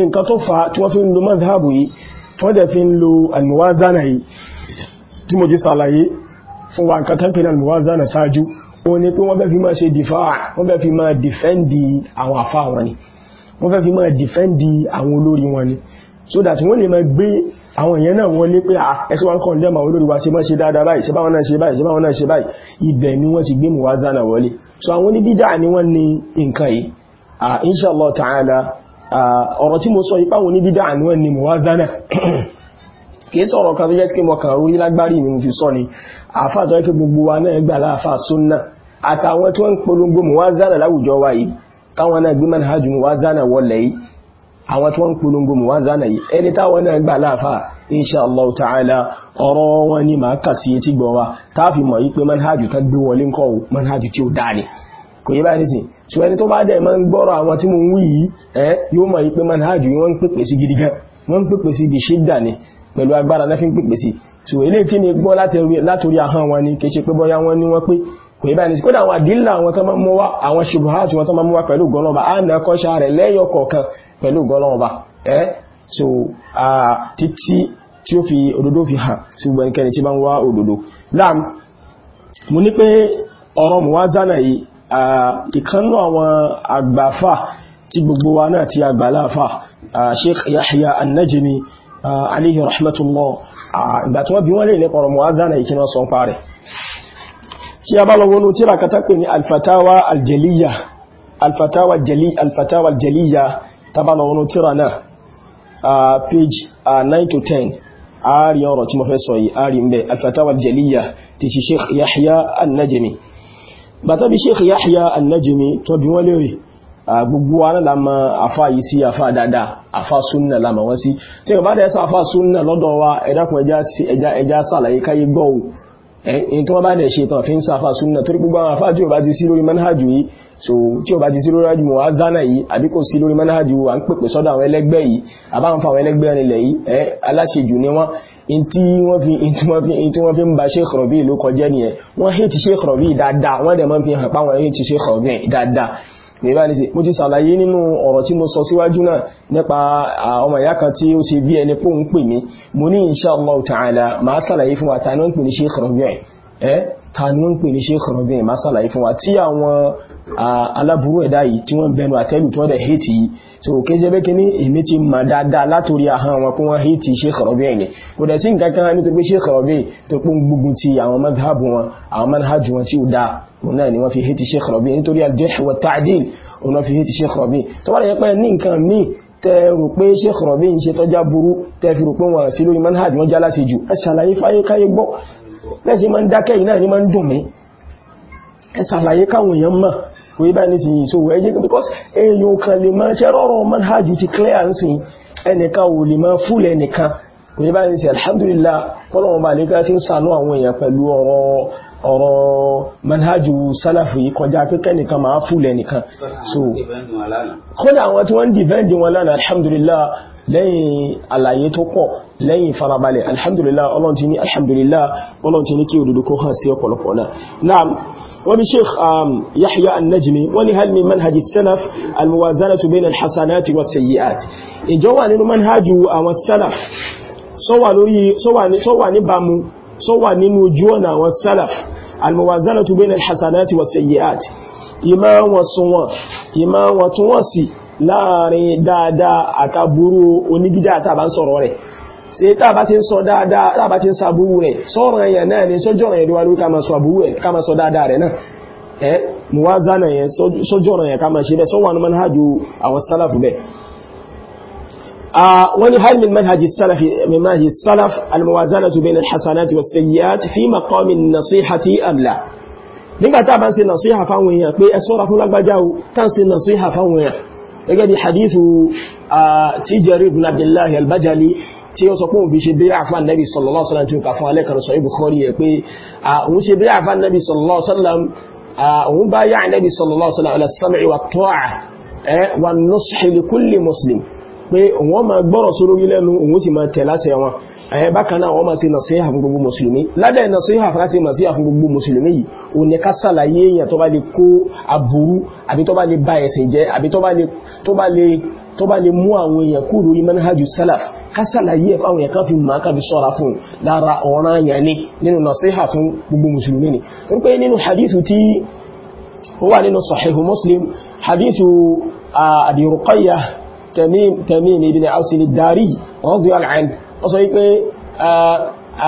nǹkan tó fa tí wọ́n fi ń lo mazhabu wọ́n dẹ̀ fi ń lo almuwazana yìí tí mo jí sàlàyé fún wa nǹkan tán pè ní almuwazana sáájú o ní pé wọ́n fẹ́ fi máa ṣe dìfáà wọ́n fẹ́ fi máa dìfẹ́ndì àwọn àfá wọn ni wọ́n fẹ́ fi máa dìfẹ́ndì àwọn olórí wọn ni so that wọ́n lè máa gbé àwọn èèyàn náà wọ́n lé pé ẹsẹ́ wọn kàn lẹ́mà olórí wa ṣe máa ṣe dáadáa báyìí ṣe báwọn náà ṣe báyìí ṣe báwọn náà ṣe báyìí ibẹ̀ ni wọ́n ti gbé muwazana wọlé so àwọn oníbídà ni wọ́n ní nǹkan yìí inshallah ta'ala Ah, ọ̀rọ̀ tí mo sọ ipá wọn ní bídá àníwọ̀n ni mo wá zánà kìí sọ̀rọ̀ kan tó jẹ́ kí mo kàn rú lágbárí mi mo fi sọ ni àfà tó jẹ́ gbogbo wa náà gbà láàfà súnnà àtàwọn tó ń polongo mo wá zánà láwùjọ wa yìí táwọn náà gbé manhajù mo wá zánà wọlé yìí àwọn tó ń polongo mo yìí ẹni táwọn náà gbà láàfà inṣàlọ́wọ́ ta'ala ọ̀rọ̀ wọn ni màá kà sí etí gbọ́ wa táàfì mọ̀ yí pé manhajù tó gbé wọlé ń manhajù tí ó dáa ni kò yí báyìí nísìn ṣùgbọ́n ẹni tó bá dẹ̀ máa ń gbọ́rọ̀ àwọn tí mo ń wí yìí ẹ́ yóò mọ̀ yí pé máa ń hajù wọ́n ń pèpè sí gidi gan wọ́n ń pèpè sí ibi ṣídà ni pẹ̀lú agbára náà fi ń pèpè sí so ilé kí ni gbọ́ látòrí ahọ́n wọn ni kìí ṣe pé bọ́yá wọ́n ní wọ́n pé kò yí báyìí kódà àwọn tí ó fi òdodo fi hàn sí gbogbo tí bá ń wá òdodo láàm mo ní pé ọ̀rọ̀ muwazana yìí ìkánú àwọn àgbàfà tí gbogbo wa náà ti àgbàláfà Sheikh Yahya An-Najmi alayhi rahmatullah ìgbà tí wọ́n bí wọ́n lè nípa ọ̀rọ̀ muwazana ìkíná sọ pa rẹ̀ tí a bá lọ wọnú tíra katakwe ni alfatawa alfatawa aljaliya ta bá lọ wọnú tíra náà page 9 to 10 ààrí ọ̀rọ̀ tí mo fẹ́ sọ yìí ààrí ń bẹ alfatawa aljaliya ti ṣe Sheikh Yahya an bàtàbí Sheikh Yahya An-Najmi tó bí wọ́n lérè gbogbo aná lámà afá yìí sí afá dáadáa afá súnnà lámà wọ́n sí tí ẹ̀kọ́ bá dẹ̀ sọ afá súnnà lọ́dọ̀ wa ẹ̀dàkùn ẹja sàlàyé káyé gbọ́wọ́ ẹ̀yìn tó wọ́n bá dẹ̀ ṣe tàn fi ń sáfà súnnà torí gbogbo àwọn àfáà tí ó bá ti sí lórí manhajù yìí so tí ó bá ti sí lórí manhajù wọ́n zánà yìí àbí kò sí lórí manhajù wà ń pèpè sọ́dọ̀ àwọn ẹlẹ́gbẹ́ yìí àbáwọn fáwọn ẹlẹ́gbẹ́ nílẹ̀ yìí ẹ aláṣejù ni wọ́n in tí wọ́n fi ń ba Sheikh Rabi ló kọjẹ́ nìyẹn wọ́n hate Sheikh Rabi dáadáa wọ́n dẹ̀ mọ́ fi hàn páwọn hate Sheikh Rabi dáadáa gbẹ̀rẹ̀ ní sí mo ti sàlàyé nínú ọ̀rọ̀ tí mo sọ síwájú náà nípa ọmọ ìyá kan tí ó ṣe bí ẹni pò ń pè mí mo ní insha Allah ta'ala máa sàlàyé fún wa ta ní ó ń pè ní Sheikh Rabi' ẹ́ ta ní ó ń pè ní Sheikh Rabi' máa sàlàyé fún wa tí àwọn aláburú ẹ̀dá yìí tí wọ́n bẹnu àtẹ́lù tí wọ́n dẹ̀ hẹ́tì yìí so kéṣe bẹ́ kí ní èmi ti ma dáadáa látòrí àhán wọn kó wọ́n hẹ́tì Sheikh Rabi ẹ̀yẹ kò dẹ̀ sí nǹkan kan nítorí pé Sheikh Rabi tó pún gbógun ti àwọn madhab wọn àwọn manhaj wọn tí ó dáa òun náà ni wọ́n fi hẹ́tì Sheikh Rabi nítorí al pé ní nǹkan ń ṣe tọ́já burú tẹ pé wọn sí lórí manhaj wọn já jù ẹ fáyé káyé gbọ́ lẹ́sìn máa ń dákẹ́ yìí náà ní máa ń dùn mí ẹ káwọn èèyàn mọ̀ kò yí báyìí nísìnyí so ẹ jẹ́ because èèyàn kan lè máa ṣe rọrọ̀ manhaj ti clear ń sìn ẹnìkan ò lè máa fúl ẹnìkan kò yí báyìí nísìnyí alhamdulillah pọ́lọ́wọ́n bá lẹ́kọ́ ti ń sànú àwọn èèyàn pẹ̀lú ọ̀rọ̀ ọ̀rọ̀ manhajú sálàfù yìí kọjá akẹ́kẹ́ nìkan máa fúl ẹnìkan so kódà àwọn tí wọ́n ń dìbẹ́ndì wọn lánàá alhamdulillah lẹ́yìn àlàyé tó pọ̀ lẹ́yìn farabalẹ̀ alhamdulillah ọlọ́n ti ní alhamdulillah ọlọ́n ti ní kí òdòdó kó hàn sí ọ̀pọ̀lọpọ̀ náà náà wọ́n ni sheikh um, yahya annajmi wọ́n ni hal min manhaji salaf almuwazanatu bayna alhasanati wa sayyi'at ìjọ wà nínú manhaju àwọn salaf láàrin dáadáa àtàbúrú oníbídá àtàbá ń sọ̀rọ̀ rẹ̀ sí tàbá ti ń sọ dáadáa tàbá ti ń sàbúrú rẹ̀ sọ̀rọ̀ èèyàn náà ni sójọ́ rẹ̀ ìdíwá lórí kàmà sọ àbúrú ẹ̀ kàmà sọ dáadáa rẹ̀ náà ẹ́ muwazana yẹn sójọ́ rẹ̀ kàmà ṣe bẹ́ẹ̀ sọ́wọ́n manhajú bá ń ṣe nasiha fáwọn èèyàn pé ẹ fún lágbájá o tá ń fáwọn èèyàn gẹ́gẹ́ bí hadithu tí Jarir ibn Abdullah al-Bajali tí ó sọ pé òun fi ṣe bíra àfáà nẹ́bí sallallahu alaihi wasallam tí ó kà fún alẹ́kàrọ̀ sọ Bukhari yẹ pé òun ṣe bíra àfáà nẹ́bí sallallahu alaihi wasallam òun bá yá nẹ́bí sallallahu alaihi wasallam ala sam'i Eh, bákan náà wọ́n máa ṣe nàṣíhà fún gbogbo mùsùlùmí ládẹ̀ nàṣíhà fún láti nàṣíhà fún gbogbo mùsùlùmí yìí o ní ká sàlàyé èèyàn tó bá lè kó aburú àbí tó bá lè ba ẹ̀sìn jẹ́ àbí tó bá lè mú àwọn èèyàn kú lórí manhajjú salaf ká sàlàyé ẹ̀ fáwọn èèyàn kan fi máa kábi sọ́ra fún lára ọ̀ràn èèyàn ní nínú nàṣíhà fún gbogbo mùsùlùmí ni nínú wọ́n sọ wípé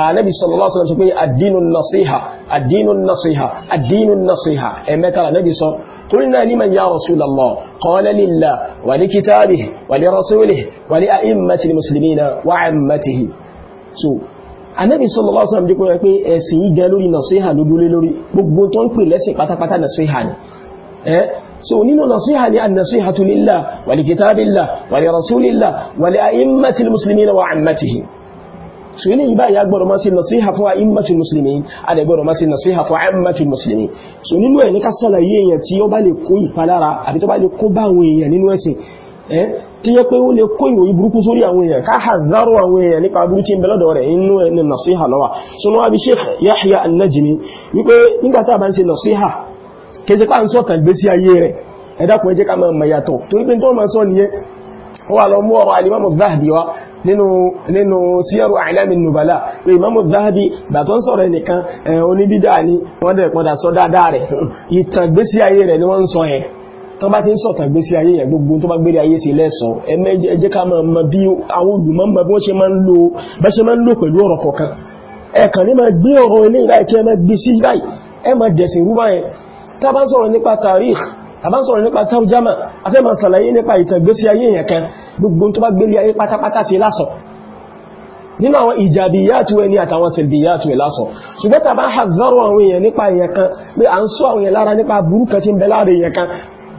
ànábì sallallahu alaihi wasallam sọ pé àdínú nasiha àdínú nasiha àdínú nasiha ẹ̀mẹ́ta ànábì sọ qulna liman ya rasulallah qala lillah wa li kitabihi wa li rasulihi wa li a'immatil muslimina wa 'ammatihi so ànábì sallallahu alaihi wasallam jẹ́ kó yẹ pé ẹ̀sìn yìí gan lórí so nínú nasiha ni an-nasihatu lillah wa li kitabillah wa li rasulillah wa li a'immatil muslimina wa 'ammatihim so ilé ìbá ya gbọ́dọ̀ máa ṣe nasiha fún a'immatul muslimin a dẹ̀ gbọ́dọ̀ fún a'immatul muslimin so nínú ẹ̀ ní ká sàlàyé tí ó bá lè kó ìpalára àbí tó bá lè kó bá àwọn èèyàn nínú ẹ̀sìn ẹ́ tí yẹ pé ó lè kó ìròyìn burúkú sórí àwọn èèyàn ká hàzárò àwọn èèyàn nípa burú tí ń bẹ̀lọ́dọ̀ rẹ̀ inú ẹni nasiha lọ́wà so wọ́n wá bí Sheikh Yahya an wípé nígbàtà bá ń ṣe nasiha kéje pa ń sọ́tàn gbé sí ayé rẹ̀ ẹ̀dàkùn ẹjẹ́ ká máa mẹ̀yàtọ̀ tó ní pé tó máa sọ nìyẹn ó wà lọ mú ọ̀rọ̀ alimamu zahabi wa nínú síyẹ̀rù àìlẹ́mì nùbàlá pé imamu zahabi bàtọ́ ń sọ̀rọ̀ ẹnìkan oníbídà ni wọ́n dẹ̀ padà sọ dáadáa rẹ̀ ìtàgbésí ayé rẹ̀ ni wọ́n ń sọ yẹn tó bá ti ń sọ̀tàn gbésí ayé yẹn gbogbo tó bá gbére ayé sí lẹ́sàn ẹjẹ́ ká máa mọ bí àwọn olùmọ́mọ́ bí wọ́n ṣe máa ń lò pẹ̀lú ọ̀rọ̀ kọ̀ọ̀kan ẹ̀kàn ní máa gbé ọ̀rọ̀ ilé ìráyìí kí ẹ máa gbé sí ìráyìí ẹ máa dẹ̀sìn rúbá yẹn tá bá sọ̀rọ̀ nípa tarikh tàbá sọ̀rọ̀ nípa tarjama afẹ́mà sàlàyé nípa ìtàgbésí ayé èèyàn kan gbogbo tó bá gbélé ayé pátápátá sí lásọ̀ nínú àwọn ìjàdíyàtú ẹni àtàwọn sẹ̀lbíyàtú ẹ̀ lásọ̀ ṣùgbọ́n tàbá hazzaru àwọn èèyàn nípa èèyàn kan pé à ń sọ àwọn èèyàn lára nípa burúkẹ tí ń bẹ láàrin èèyàn kan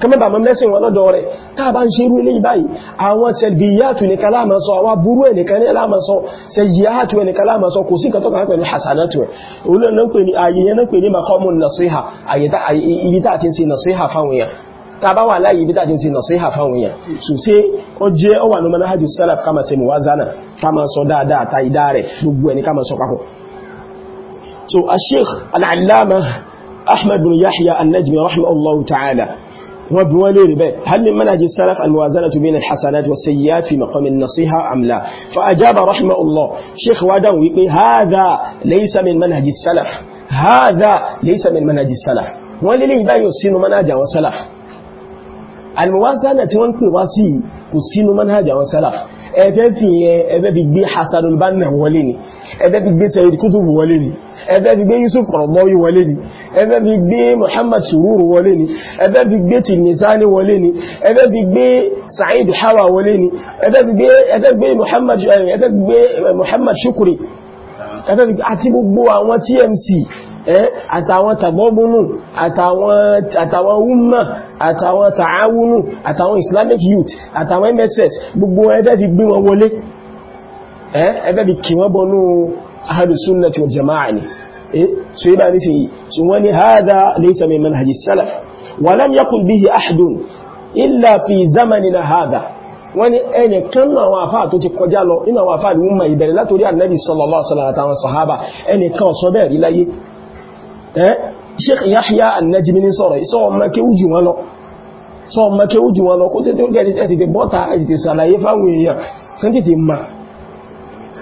kọmọ́bà mọ́ mẹ́sìn wọn lọ́dọ̀ rẹ̀ tá bá ń ṣe irú ilé ìbáyìí àwọn sẹ̀dìyàtù ní kalámasọ àwọn burú ẹnìkan ní alámasọ sẹ̀yàtù ní kalámasọ kò sí kàtọ́kà pẹ̀lú hasanatu ẹ̀ olóòrùn pè ní ayé yẹn pè ní mahomun nasiha ibi tá ti ń ṣe nasiha fáwọn èèyàn tàbá wà láyé ibi tàbí nasiha fáwọn èèyàn so ṣe ó jẹ́ ó wà ní manhaju salaf ká a sheikh al'allama ahmad yahya an-najmi rahimahullahu ta'ala وبوالي ربي هل من منهج السلف الموازنة بين الحسنات والسيئات في مقام النصيحة أم لا فأجاب رحمه الله شيخ وادان ويقول هذا ليس من منهج السلف هذا ليس من منهج السلف وللي بايو سينو منهج وسلف alìmọ̀wásánà tí wọ́n pè wá sí kò sínú manhaj àwọn salaf ẹ̀fẹ́ fi yẹn ẹ̀fẹ́ fi gbé hasanul banna wọlé ni ẹ̀fẹ́ fi gbé sayid kutubu wọlé ni ẹ̀fẹ́ fi gbé yusuf qaradawi wọlé ni ẹ̀fẹ́ fi gbé muhammad sururu wọlé ni ẹ̀fẹ́ fi gbé tilmisani wọlé ni ẹ̀fẹ́ fi gbé sa'id hawa wọlé ni ẹ̀fẹ́ fi gbé muhammad shukri àti gbogbo àwọn tmc àtàwọn tàbọ́bùnù àtàwọn wúmà àtàwọn tààwùnù àtàwọn islamic youth àtàwọn mss gbogbo ẹgbẹ́ ti gbé wọn wọlé ẹgbẹ́ ti kí wọ́n bọnú ahlu sunnati wal jama'a ni so yíba ní sí so wọ́n ni hádá laysa min manhajis salaf wa lam yaqul bihi ahadun illa fi zamanina hádá wọ́n ní ẹni kan náà àwọn àfáà tó ti kọjá lọ nínú àwọn àfáà ní wọ́n ma ìbẹ̀rẹ̀ látorí ànábì sallallahu àtàwọn sàhábà ẹni kan sọ bẹ́ẹ̀ rí láyé Eh? Sheikh Yahya an-Najmi ní sọ̀rọ̀ ìsọ́ ọmọ kéwú jù wọn lọ sọ ọmọ kéwú jù wọn lọ kó tètè ẹ̀tẹ̀tẹ̀ bọ́ta ẹ̀tẹ̀tẹ̀ sàlàyé fáwọn èèyàn kan tètè ma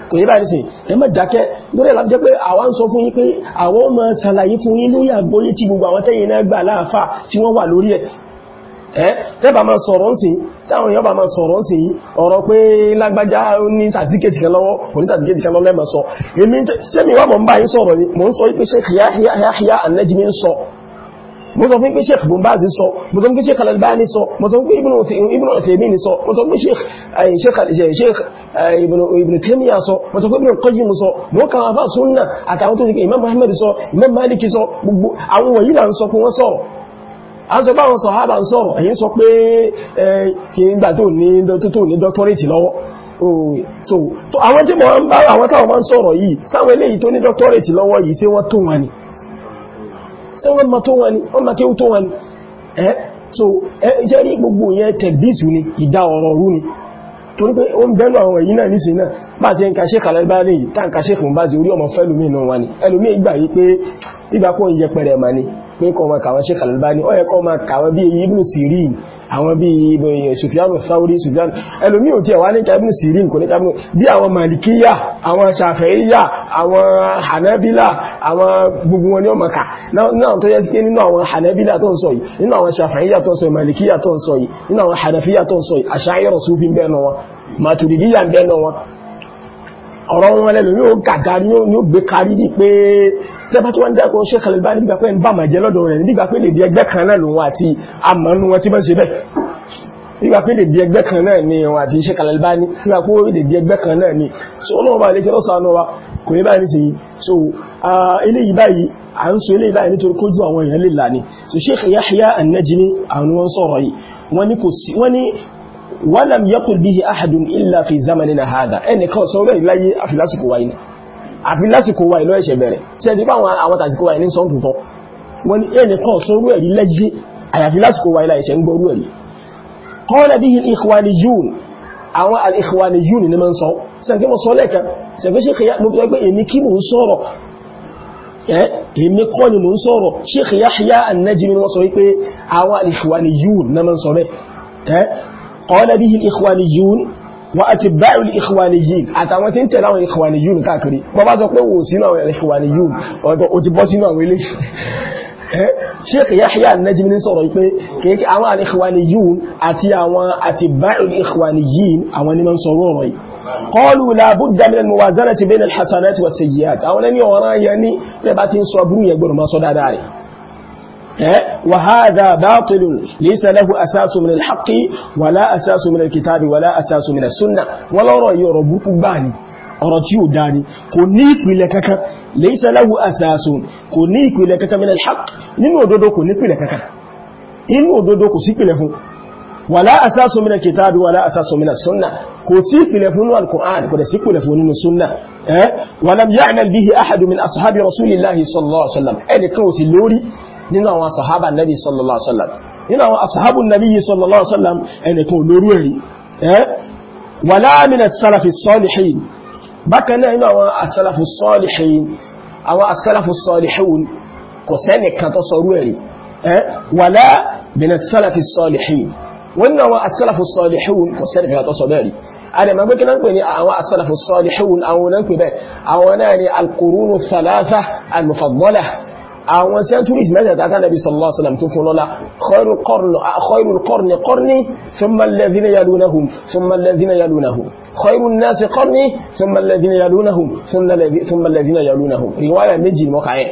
kò yí báyìí sí ẹ má dákẹ́ lórí ẹ̀lá jẹ́ pé àwọn ń sọ fún yín pé àwọn ọmọ sàlàyé fún yín lórí àgbóyé tí gbogbo àwọn tẹ́yìn náà gbà láàfà tí wọ́n wà lórí ẹ̀ ẹ́ tẹ́bà máa sọ̀rọ̀ ń sìn táwọn èèyàn bá máa sọ̀rọ̀ ń sìn ọ̀rọ̀ pé lágbájá ní sàtíkẹ́tì kan lọ́wọ́ kò ní sàtíkẹ́tì kan lọ́lẹ́mọ̀ sọ èmi sẹ́mi wà mọ̀ ń bá yín sọ̀rọ̀ ni mò ń sọ pé Sheikh Yahya Yahya An-Najmi ń sọ mo sọ fún pé Sheikh bombazi sọ mo sọ fún pé Sheikh Al-Albani Imam Ahmad sọ Imam Maliki sọ gbogbo àwọn wọ̀nyí là ń sọ a ń sọ báwọn sọ̀hábà ń sọ̀rọ̀ èyí sọ pé kí n gbà tó ní dọ́kítọ́rẹ̀tì lọ́wọ́ so to àwọn tí wọ́n bá àwọn táwọn máa ń sọ̀rọ̀ yìí sáwọn eléyìí tó ní dọ́kítọ́rẹ̀tì lọ́wọ́ yìí ṣé wọ́n tó wọn ni ṣé wọ́n ma tó wọn ni wọ́n ma kéwú tó wọn ni ẹ́ so jẹ́ rí gbogbo yẹn tẹ̀gbìsù ni ìdá ọ̀rọ̀ rú ni torí pé ó ń bẹ́nu àwọn èyí náà nísìn náà bá ṣe ń tá ń fún bá ṣe orí ọmọ pé kọ ma kàwọn Sheikh Al-Albani ó yẹ kọ ma kàwọn bí Ibn Sirin àwọn bí Sufyan Thawri Sufyan ẹlòmí ò tí ẹ̀wà ní ká Ibn Sirin kò ní ká bí àwọn Malikiya àwọn Shafi'iya àwọn Hanabila àwọn gbogbo wọn ni ó ma kà náà tó yẹ sí pé nínú àwọn Hanabila tó ń sọ yìí nínú àwọn Shafi'iya tó ń sọ yìí Malikiya tó ń sọ yìí nínú àwọn Hanafiya tó ń sọ yìí Ash'ari Sufi ń bẹ́ẹ̀ náà wọn ọ̀rọ̀ wọn lẹ́nu yóò gàgà ní ó gbé karí ní pé tẹ́bá tí wọ́n dákọ̀ ṣe kàlùbá nígbà pé ń bà máa jẹ lọ́dọ̀ rẹ̀ nígbà pé lè di ẹgbẹ́ kan náà lòun àti àmọ́nú wọn tí bá ṣe bẹ́ẹ̀ ni wọn àti ṣe ni so ọlọ́run bá lè kẹ́ lọ́sàn wa so eléyìí báyìí à ń so eléyìí báyìí nítorí kójú àwọn èèyàn so Sheikh Yahya An-Najmi àwọn wọn sọ̀rọ̀ yìí wọ́n walam yakul bihi ahadun illa fi zamanina hada ẹni kan sọ bẹ́ẹ̀ láyé àfi lásìkò wáyé ni àfi lásìkò wáyé ló ẹ̀ṣẹ̀ bẹ̀rẹ̀ tí ẹ ti bá àwọn tàsìkò wáyé ní sọ tuntun wọ́n ni ẹni kan sọ rú ẹ̀rí lẹ́yé àyàfi lásìkò wáyé láìṣẹ̀ ń gbọ́ ṣe ń sọ̀rọ̀ èmi قال به الإخوانيون وأتباع الإخوانيين àtàwọn tí ń tẹ̀lé àwọn ìkwàníyún káàkiri wọ́n bá sọ pé wò sínú àwọn ìkwàníyún ọ̀tọ̀ ó ti bọ́ sínú àwọn ilé Sheikh Yahya Najmi ní sọ̀rọ̀ pé kèèkè àwọn al-ikhwaniyun àti àwọn atba'u al-ikhwaniyin àwọn ni ma ń sọ̀rọ̀ ọ̀rọ̀ yìí qalu la budda min al-muwazanati bayna al-hasanati was-sayyi'at àwọn ẹni ọ̀rọ̀ yẹn ní pẹ́bá ti ń sọ burú yẹ gbọ́nà ma sọ dáadáa rẹ̀ وهذا باطل ليس له أساس من الحق ولا أساس من الكتاب ولا أساس من السنة ولا رأي ربك باني ọ̀rọ̀ tí ó dá ní kò ní ìpìlẹ̀ kankan laysa lahu asasun kò ní ìpìlẹ̀ kankan min al-haqq nínú òdodo kò ní ìpìlẹ̀ kankan inú òdodo kò sí ìpìlẹ̀ fún wàlá asasun min al-kitabi wàlá asasun min as-sunna kò sí ìpìlẹ̀ fún ní al-Qur'an kò dẹ̀ sí ìpìlẹ̀ fún nínú sunna eh? walam ya'mal bihi ahadu min nínú àwọn sàhábà nàbí sallallahu alaihi wasallam nínú àwọn sàhábù nàbí sallallahu alaihi wasallam ẹni tó lórú ẹ̀rí wala min as-salafi as-salihin bákan náà nínú àwọn as-salafu as-salihin àwọn as-salafu as-salihun kò sẹ́ni kan tó sọrú ẹ̀rí wala min as-salafi as-salihin wọ́n náà wọ́n asálàfù sọ́lìhún kò sẹ́rì fi àtọ́sọ̀ bẹ́ẹ̀rì adẹ̀mà gbé kí náà ń pè ní àwọn asálàfù sọ́lìhún àwọn náà ń pè bẹ́ẹ̀ àwọn náà ni alkùrúnù thalatha almufaddala àwọn centuries mẹ́tẹ̀ẹ̀ta tán nàbí sallallahu alaihi wasallam tó fún lọ́lá khairul qarni qarni thumma alladhina yalunahum thumma alladhina yalunahum khairun nasi qarni thumma alladhina yalunahum thumma alladhina yalunahum riwaya méjì mọ́kàáyẹ̀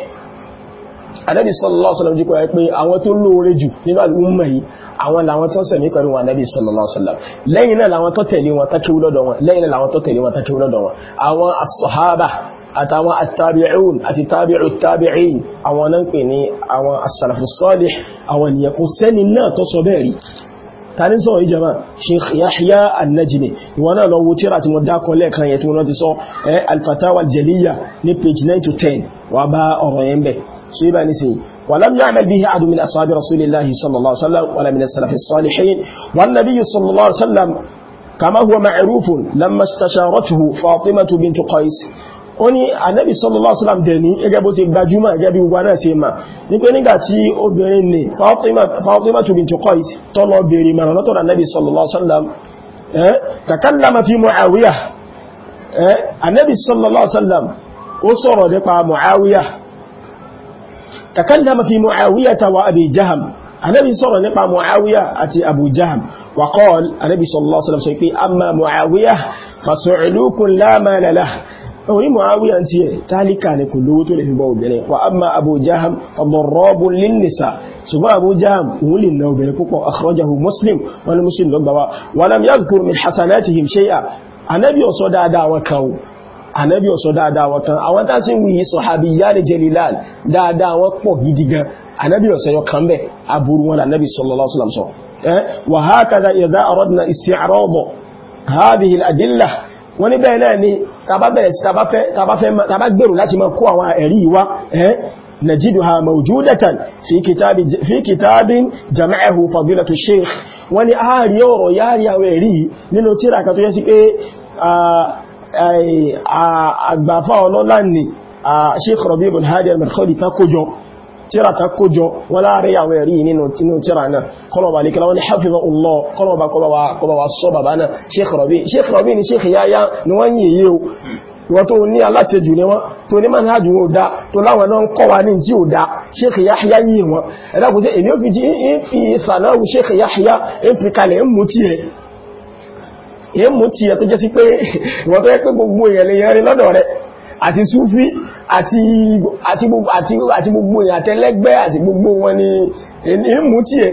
anabi sallallahu alaihi wasallam jí kọ́ ẹ pé àwọn tó lóore jù nínú al'umma yìí àwọn làwọn tó sẹ̀mí pẹ̀lú wọn anabi sallallahu alaihi wasallam lẹ́yìn náà làwọn tó tẹ̀lé wọn tákíwú lọ́dọ̀ wọn lẹ́yìn náà làwọn tó tẹ̀lé wọn tákíwú lọ́dọ̀ wọn àwọn as-sahaba àtàwọn àtàbí'ún àti tàbí'ù tàbí'in àwọn náà pè ní àwọn as-salafu salih àwọn ènìyàn kò sẹ́ni náà tó sọ bẹ́ẹ̀ rí tàní sọ ìjẹma Sheikh Yahya an-Najmi ìwọ̀n náà lọ wo tíra tí wọ́n dákọ lẹ́ẹ̀kan yẹ tí wọ́n ti sọ al-Fatawa ní page 9 to 10 wà ولم يعمل به أحد من أصحاب رسول الله صلى الله عليه وسلم ولا من السلف الصالحين والنبي صلى الله عليه وسلم كما هو معروف لما استشارته فاطمة بنت قيس wọ́n ní ànábì sallallahu alaihi wasallam dẹ̀ ní gẹ́gẹ́ bó ṣe gbajúmọ̀ gẹ́gẹ́ bí gbogbo náà ṣe mà ní pé nígbà tí obìnrin ní Fatima bintu Qais tọ́lọ bèèrè mara lọ́tọ̀ ànábì sallallahu alaihi wasallam takallama fi Mu'awiyah ànábì sallallahu alaihi wasallam ó sọ̀rọ̀ nípa Mu'awiyah takallama fi Mu'awiyah wa Abi Jaham anabi sọ̀rọ̀ nípa mu'awiyah àti abu jaham wa qala anabi sallallahu alaihi wasallam sọ pé amma mu'awiyah fa su'lukun la mala orí Muawiya ti ẹ̀ tálíkà ní kò lówó tó lè fi bọ́ obìnrin wa amma Abu Jaham ọ̀dọ̀rọ̀bù línnisa ṣùgbọ́n Abu Jaham òun lè na obìnrin púpọ̀ akhrajahu Muslim wọn ni Muslim lọ́gbà wa walam yadhkur min hasanatihim shay'a anabi ọ̀sọ́ dáadáa wọn kan anabi ọ̀sọ́ dáadáa wọn kan àwọn tá sí wuyi sahabiyyal jalilal dáadáa wọn pọ̀ gidi gan anabi ọ̀sọ́ yọ kan bẹ́ aburú wọn anabi sallallahu alaihi wasallam sọ wa hakadha idha aradna isti'rada hadhihi al-adillah wọ́n ní bẹ́ẹ̀ náà ni tàbá bẹ̀rẹ̀ sí tàbá gbèrò láti máa kó àwọn ẹ̀rí ìwá ẹ́ najiduha mawjudatan fi kitabi fi kitabin jama'ahu fadilatu sheikh wọ́n ní ààrí ọ̀rọ̀ yáàrí àwọn ẹ̀rí nínú tíra kan tó yẹ́ sí pé àgbàfà ọlọ́lá ni sheikh rabi ibn hadi al-markhali ta kójọ tíra ta kójọ wọ́n láàrin àwọn ẹ̀rí nínú tínú tíra náà kọlọ̀bà ní kọlọ̀bà ní hafiza Allah kọlọ̀bà kọlọ̀bà wa sọ bàbá náà Sheikh Rabi Sheikh Rabi ni Sheikh Yahya ni wọ́n yìí yíò wọ́n tó ní aláṣejù ní wọ́n tó ní máa náà jù wọn dá tó láwọn náà ń kọ́ wa ní jí ò dá Sheikh Yahya yìí wọn ẹ̀dàkùn sí èmi ò fi jí ń fi tí ẹ tó jẹ́ sí pé ìwọ́n tó yẹ pé gbogbo èèyàn lè yẹn lọ́dọ̀ rẹ̀ àti súfí àti gbogbo àtẹlẹ́gbẹ́ àti gbogbo wọn ni ìmú tí ẹ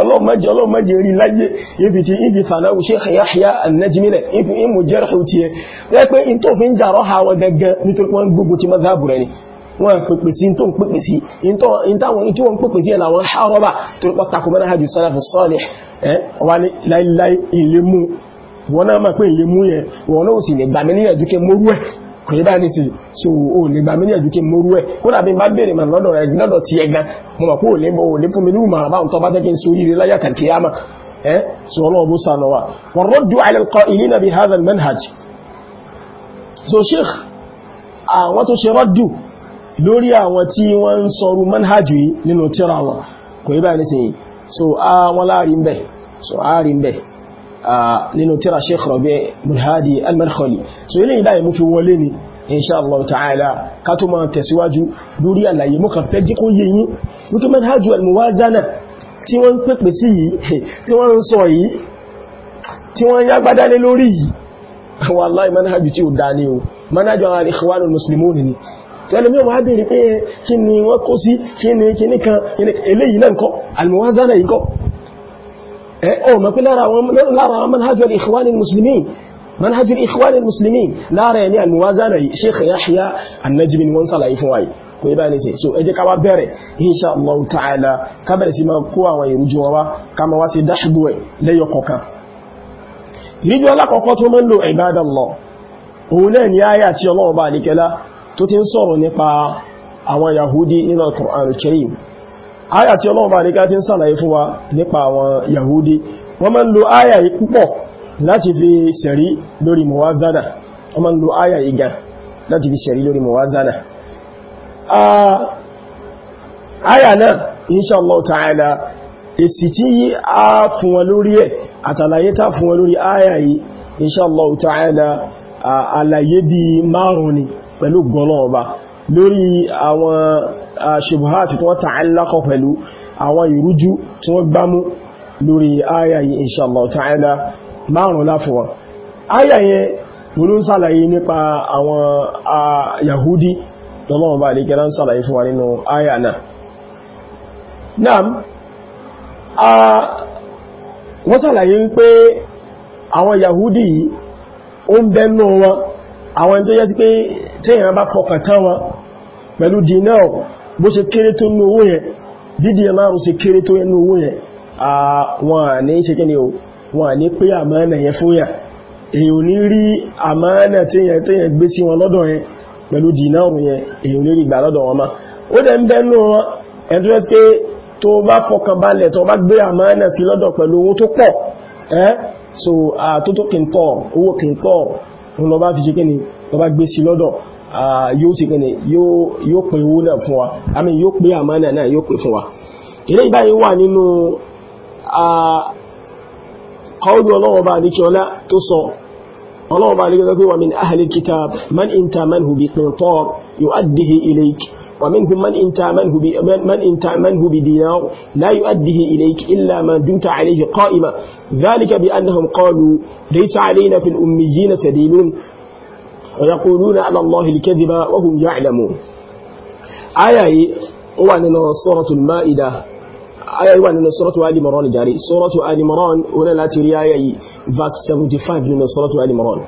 ọlọ́mọ́jẹ́ ọlọ́mọ́jẹ́ rí láyé ifi ti ifi fànáwù Sheikh Yahya an-Najmilẹ̀ ifi imu jẹ́rẹ̀ tí ẹ rẹ́ pé in tó fi ń jàrọ́ ha wọn gẹ́gẹ́ nítorí ni wọ́n pèpè sí tó ń pèpè sí ìtàwọn tí wọ́n pèpè sí ẹ̀là wọn harọ́bà tó rí pàtàkù mẹ́rin hajjú salafu salih ẹ́ wà ní láìláì ilé mú wọ́n náà máa pé ilé mú yẹn wọ́n náà sì kò yí bá ní sí so o lè gbà mí ní ẹ̀jú kí mo rú ẹ̀ kódà bí n bá bèèrè màá lọ́dọ̀ rẹ̀ lọ́dọ̀ ti ẹ̀ gan mo mọ̀ kó o lè bọ̀ o lè fún mi ní ìmọ̀ àbáwọn tó bá jẹ́ kí n sórí rẹ̀ láyà kàkí àmà ẹ́ so ọlọ́run bó sànà wa wọ́n rọ́dù ala alqa'ilina bi hadha almanhaj so sheikh àwọn tó ṣe rọ́dù lórí àwọn tí wọ́n ń sọrú manhaj yìí nínú tíra wọn kò yí bá ní so àwọn láàrin bẹ́ẹ̀ so àárín bẹ́ẹ̀ nínú tíra sheikh rabi mulhadi al-madkhali so ilé ìdáyẹ mú fi wọlé ni inṣáàlá ta'ala ká tó máa tẹ̀síwájú lórí àlàyé mú kàn fẹ́ jí kó yé yín wíkí manhajjú al-muwazana tí wọ́n ń pèpè sí yìí tí wọ́n ń sọ yìí tí wọ́n ń yágbádá lé lórí yìí wallahi manhajjú tí mẹ́wàá wá pé kí ni wọ́n kó sí kí ni kí ni kan eléyìí náà kọ́ al yìí kọ́ ọmọ eh, oh, pé lára àwọn manhajjọ́ ìkwánin musulmi manhajjọ́ ìkwánin musulmi lára ẹni almuwazana sheikh yahya annajimi wọn sàlàyé fún wáyé kò yí bá ní ṣe so ẹ jẹ́ ká wá bẹ̀rẹ̀ insha allah ta'ala ká bẹ̀rẹ̀ sí ma kó àwọn ìrújú wa ká ma wá sí dáṣùgbò ẹ̀ lẹ́yọ kọ̀ọ̀kan ìrújú alákọ̀ọ́kọ́ tó mọ́ ń lo ibadallah òun náà ni áyà tí ọlọ́run bá àdíkẹ́lá tó ti ń sọ̀rọ̀ nípa àwọn yahudi nínú al-Qur'an al-Karim Aya tí ọlọ́run bá ní ká ti ń sàlàyé fún wa nípa àwọn yahudi wọ́n máa ń lo àyà yìí púpọ̀ láti fi sẹ̀rí lórí muwazana wọ́n máa ń lo àyà yìí gan láti fi sẹ̀rí lórí muwazana àyà náà inṣàlọ́ ta'ala èsì tí a fún wọn lórí ẹ̀ àtàlàyé tá fún wọn lórí àyà yìí inṣàlọ́ ta'ala àlàyé bí márùn-ún ni pẹ̀lú gọ́lọ́ lórí àwọn ṣubhati tó ta'allaka pẹ̀lú àwọn ìrújú tí wọ́n gbámú lórí ayà yìí inshallah ta'ala márùn láfíwá ayà yẹn múlú ń sàlàyé nípa àwọn yahudi lọ́lọ́wọ́n bá lè ń sàlàyé fún wa nínú ayà náà naam wọ́n sàlàyé pé àwọn yahudi yìí ó ń bẹ́nu bó ṣe kéré tó ní owó yẹn dídíẹ̀ márùn ṣe kéré tó ní owó yẹn àwọn àní ṣe kí ni o wọn àní pé àmánà yẹn fún yà èyàn ní rí àmánà tí yẹn tí yẹn gbé sí wọn lọ́dọ̀ yẹn pẹ̀lú dìnáàrù yẹn èyàn ní rí gbà lọ́dọ̀ wọn má ó dẹ̀ ń bẹ́nu wọn ẹ̀dúrẹ́sì pé tó bá fọkàn balẹ̀ tó bá gbé àmánà sí lọ́dọ̀ pẹ̀lú owó tó pọ̀ ẹ́ so àtótó kìntọ̀ owó kìntọ̀ lọ bá fi ṣe kí ni lọ bá gbé sí lọ́dọ̀ yóò ti kẹ́ni yóò pè owó náà fún wa àmì yóò pè àmánà náà yóò pè fún wa ilé ìbáyìí wà nínú qawlu ọlọ́wọ́ adékíọlá tó sọ ọlọ́wọ́ adékíọlá pé wà min ويقولون على الله الكذب وهم يعلمون آية وأننا سورة المائدة آية وأننا سورة آل مران جاري سورة آل مران ولا تري آية verse 75 من سورة آل مران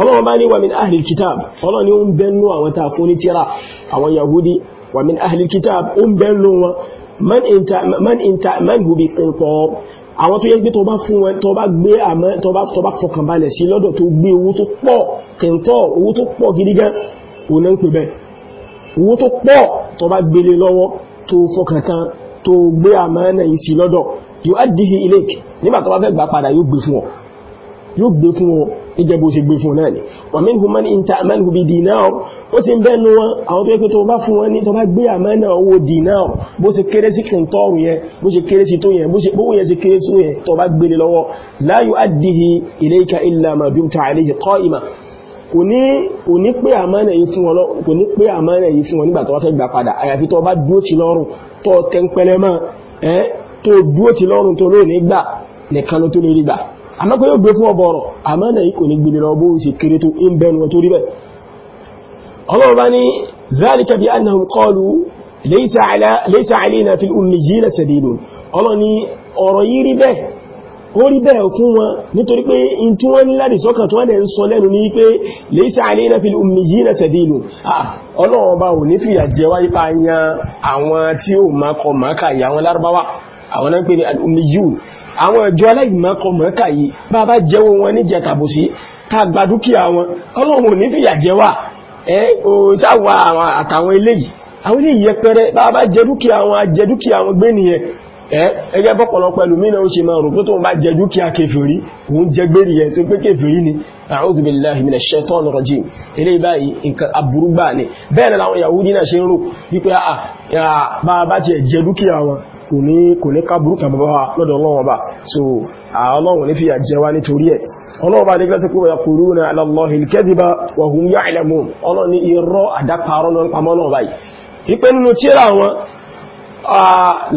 ọlọ́run bá ní wà min ahìlì kitab ọlọ́run ni ó ń bẹ́nu àwọn tàà fún ní tíra àwọn yahudi wà min ahìlì kitab ó ń bẹ́nu wọn man in ta'manhu bi qintar àwọn tó yẹ gbé tó bá fún wọn tó bá gbé àmọ́ tó bá fọkànbalẹ̀ sí lọ́dọ̀ tó gbé owó tó pọ̀ kẹntọ́ owó tó pọ̀ gidi gan ò náà ń pè bẹ́ẹ̀ owó tó pọ̀ tó bá gbélé lọ́wọ́ tó fọkànkan tó gbé àmọ́ náà yìí sí lọ́dọ̀ yóò adìhì ilé nígbà tó bá fẹ́ gbà padà yóò gbé fún ọ gẹ́gẹ́ bó ṣe gbé fún náà ni wa minhum man in ta'manhu bi dinar ó ti ń bẹ́nu wọn àwọn tó yẹ pé tó bá fún wọn ní tó bá gbé àmánà owó dinar bó ṣe kéré sí kìntọ́rù yẹn bó ṣe kéré sí tó yẹn bó yẹn ṣe kéré sí yẹn tó bá gbé lọ́wọ́ la yu'addihi ilayka illa ma dumta alayhi qa'ima kò ní pé àmánà dúó ti lọ́rùn tó tẹ́ ń nìkan ló tó lórí gbà àmọ́kọ́ yóò gbé fún ọbọ̀rọ̀ àmọ́ náà kò ní gbìlẹ̀ ọbọ̀ òṣè kéré tó ń bẹnu wọn tó rí bẹ́ẹ̀ ọlọ́run bá ní zalika bí annahum qalu laysa alayna fil ummiyina sabilun ọlọ́run ní ọ̀rọ̀ yìí rí bẹ́ẹ̀ ó rí bẹ́ẹ̀ fún wọn nítorí pé in tí wọ́n ní láti sọ́kàn tí wọ́n dẹ̀ àwọn náà ń pè ní al-ummiyun àwọn ìjọ aláìmọ́kọmọ́kà yìí bá bá jẹ́wọ́ wọn ní jẹtàbòsí ká gba dúkìá wọn ọlọ́run ò ní fìyà jẹ wá ẹ ò sáwà àwọn àtàwọn eléyìí àwọn eléyìí yẹpẹrẹ bá bá jẹ dúkìá wọn ajẹ dúkìá wọn gbé nìyẹn ẹgẹ́ bọ́pọ̀lọpọ̀ ẹlòmínà ó ṣe máa rò pé tó ń bá jẹ dúkìá kèfèrí òun jẹ gbérí ẹ̀ tó pé kèfèrí ni a'udhu billahi minash shaitani rajim ilé báyìí nǹkan aburú gbà ní bẹ́ẹ̀ ni àwọn Yahudi náà ṣe ń rò wípé àà bá bá ti jẹ dúkìá wọn kò ní kò ní kábùrú kan bàbá lọ́dọ̀ ọlọ́wọ́n bá so ọlọ́wọ́n ní fìyà jẹ wá nítorí ẹ̀ ọlọ́wọ́n bá ní gẹ́sẹ̀ pé wọ́n kúrú ní alọ́lọ́hì kẹ́dìbà wọ̀hún yá ìlẹ̀mù ọlọ́wọ́n ní irọ́ àdáparọ́ náà pamọ́ náà báyìí ipe nínú tíra wọn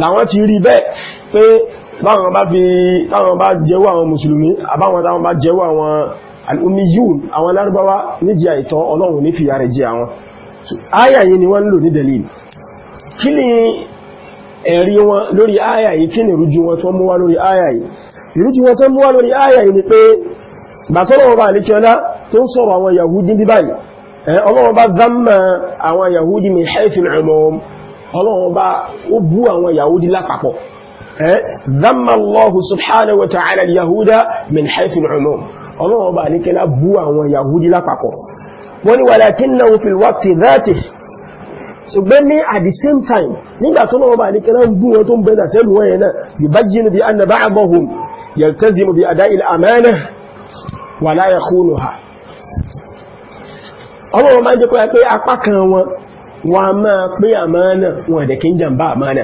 làwọn ti rí bẹ́ẹ̀ pé báwọn bá fi táwọn bá jẹ́wọ́ àwọn mùsùlùmí àbáwọn táwọn bá jẹ́wọ́ àwọn al'umiyun àwọn lárúbáwá níjìyà ìtọ́ ọlọ́run ní fìyà rẹ̀ jẹ àwọn áyà yìí ni wọ́n ń lò ní dalil kí ni ẹ̀rí wọn lórí àyà yìí kí ni ìrújú wọn tó mú wá lórí àyà yìí ìrújú wọn tó mú wá lórí àyà yìí ni pé bàtọ́lọ̀ ọba àlékiọlá tó ń sọ̀rọ̀ àwọn yahudi bí báyìí ọlọ́wọ́ bá zama àwọn yahudi min haithul umum ọlọ́wọ́ bá ó bú àwọn yahudi lápapọ̀ zama allahu subhanahu wa ta'ala yahuda min haithul umum ṣùgbọ́n ní at the same time nígbà tó náà wọ́n bá ní kẹ́lá ń bú wọn tó ń bẹ́ta sẹ́lù wọ́n yẹn náà yubayyinu bi anna ba'dahum yaltazimu bi ada'il amana wa la yakhunuha ọmọ wọn máa jẹ́ kọ́ya pé apá kan wọn wọ́n máa pé àmánà wọn ẹ̀dẹ̀ kí ń jàmbá àmánà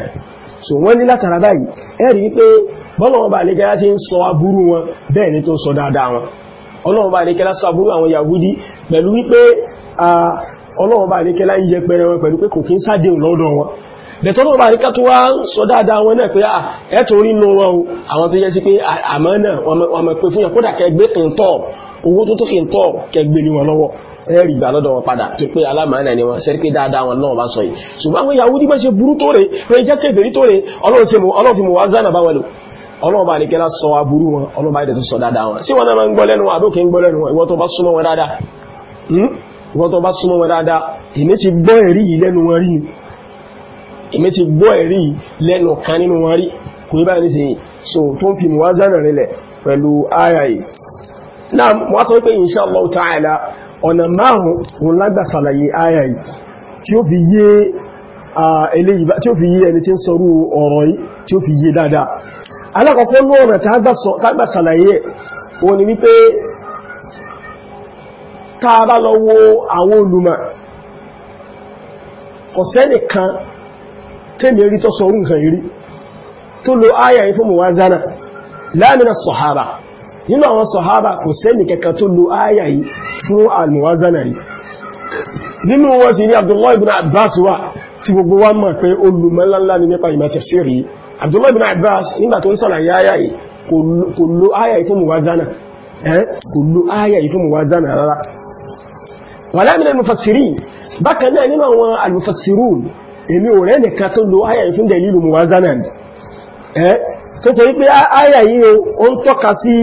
so wọ́n ní látara báyìí ẹ̀rí pé bọ́lọ̀wọ́n bá lè kẹ́lá ti ń sọ aburú wọn bẹ́ẹ̀ ni tó ń sọ dáadáa wọn ọlọ́wọ́n bá lè kẹ́lá sọ aburú àwọn Yahudi pẹ̀lú wípé ọlọ́run bá ní kẹ́lá yíyẹ pẹ̀rẹ wọn pẹ̀lú pé kò kí ń sáàdé lọ́dọ̀ wọn bẹ̀tọ́lọ́run bá ní ká tó wá sọ dáadáa wọn náà pé ẹ̀tọ́ orí inú wọn àwọn tó yẹ sí pé àmọ́ náà wọ́n mọ̀ pé fún yàn kódà kẹgbẹ́ tó ń tọ́ owó tó tó fi ń tọ́ kẹgbẹ́ ní wọn lọ́wọ́ ẹ̀rì ìgbà lọ́dọ̀ wọn padà tó pé alámàánà ni wọn sẹ́rí pé dáadáa wọn náà bá sọ yìí ṣùgbọ́n àwọn Yahudi bá ṣe burú tó rẹ̀ pé jẹ́ ní kẹ́lá sọ aburú wọn ọlọ́run bá ìdẹ̀ sọ dáadáa wọn sí wọn náà máa ń gbọ́ àdókè ń gbọ́ wọn ìwọ́n tó bá súnmọ́ wọn dáadáa hmm? wọ́n tó bá súnmọ́ wọn dáadáa èmi ti gbọ́ ẹ̀rí yìí lẹ́nu wọn rí èmi ti gbọ́ ẹ̀rí lẹ́nu kan nínú wọn rí kò ní báyìí nìsìn so tó ń fi muwazana rinlẹ̀ pẹ̀lú aya yìí náà wọ́n sọ pé insha Allah ta'ala ọ̀nà márùn ún lágbà sàlàyé aya yìí tí ó fi yé ẹni tí ń sọrú ọ̀rọ̀ yìí tí ó fi sàlàyé òun ni wípé tá bá lọ wo àwọn olùmọ̀ kò sẹ́nì kan tèmi rí tó sọ nǹkan yìí tó lo áyà yìí fún muwazana láàmìnà sọ̀hábà nínú àwọn sọ̀hábà kò sẹ́nì kankan tó lo áyà yìí fún almuwazana yìí nínú wọn sì ní Abdullahi ibn Abbas wà tí gbogbo wa mọ̀ pé olùmọ̀ ńláńlá ni nípa ìmọ̀ tafsiri Abdullahi Eh, kò lo ayà yìí fún muwazana rárá wala min al-mufassirin bákan náà nínú àwọn al-mufassirun èmi ò rẹ́ nìkan tó lo ayà yìí fún dalilu muwazana ni eh, tó sọ wípé ayà yìí ó ń tọ́ka sí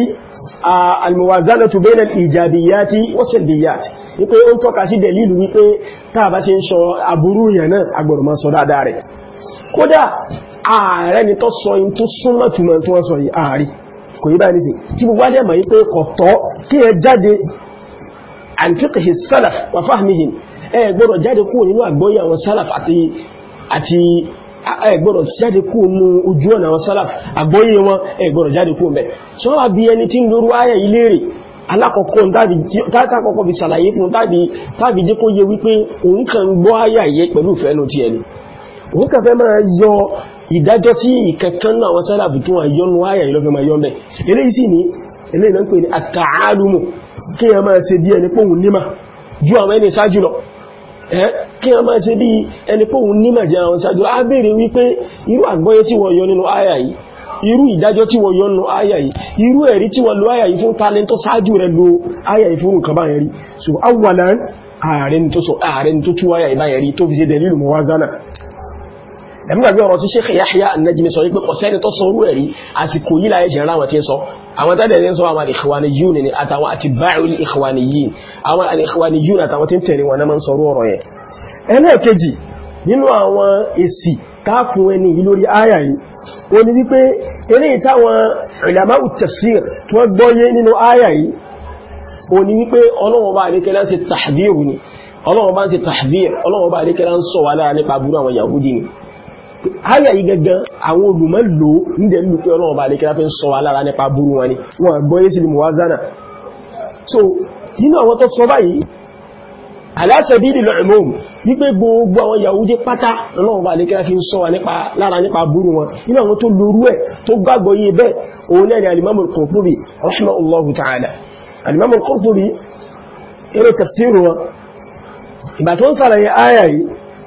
al-muwazana tu bayna al-ijabiyati wa salbiyati wípé ó ń tọ́ka tó sọ in tó kò yí báyìí nísìn tí gbogbo ajẹ́ mọ̀ yí pé kọ̀tọ́ kí ẹ jáde an fiqhi salaf wa fahmihim ẹ gbọ́dọ̀ jáde kúrò nínú àgbọ́yé àwọn salaf àti àti ẹ gbọ́dọ̀ jáde kúrò nínú ojú ọ̀nà àwọn salaf àgbọ́yé wọn ẹ gbọ́dọ̀ jáde kúrò mẹ́ sọ́wọ́ bí ẹni tí ń lórú ayẹ ilé rẹ̀ alákọ̀ọ́kọ́ tàbí fi sàlàyé fún tàbí jẹ́ kó yẹ wípé òun kàn gbọ́ ayà yẹ pẹ̀lú ìfẹ́ ló ti ẹni òun kàn fẹ́ máa yọ ìdájọ́ tí ìkẹ̀kan náà wọn sálàfù tó wà yọnu ayà ìlọ́fẹ́ ma yọ́nbẹ̀ eléyìí ni eléyìí náà ń pè ní àtàálùmù kí a máa ṣe bí ẹni pòhun ju àwọn ẹni sáájú lọ a irú ìdájọ́ tí wọ́n yọnu ayà yìí irú ẹ̀rí tí wọ́n lo ayà yìí fún talent sáájú rẹ̀ lo ayà yìí fún nǹkan rí so awalan ààrẹ ni tó ẹ̀mùgbàgbé ọ̀rọ̀ tí Sheikh Yahya an-Najmi sọ wípé kọ̀sẹ́ni tó sọ orú ẹ̀rí àsìkò yìí láyé jẹ̀rẹ̀ àwọn tí ń sọ àwọn tàbí ẹ̀rí ń sọ àwọn al-Ikhwaniyyun ni àtàwọn atba'ul Ikhwaniyyin àwọn al-Ikhwaniyyun àtàwọn tí ń tẹ̀lé wọn náà sọ ọ̀rọ̀ yẹn ẹlẹ́ẹ̀kejì nínú àwọn èsì káàfún ẹni yìí lórí áyà yìí o ni wípé eré ìtàwọn ulama'u tafsir tí wọ́n gbọ́yé nínú áyà yìí o ni wípé Ọlọ́run bá àríkẹ́lá sí tahdhiru ni Ọlọ́run ń sí tahdhir Ọlọ́run bá àríkẹ́lá ń sọ wà lára nípa àwọn Yahudi ni àyà yìí gangan àwọn olùmọ̀ lò ní dẹ̀ lù pé ọlọ́run bá lè kíra fi ń sọ alára nípa burú wọn ni wọn gbọ́yé sí ni muwazana so nínú àwọn tó sọ báyìí aláṣẹ́bí ìlọ ìmọ̀m wípé gbogbo àwọn Yahudi pátá ọlọ́run bá lè kíra fi ń sọ lára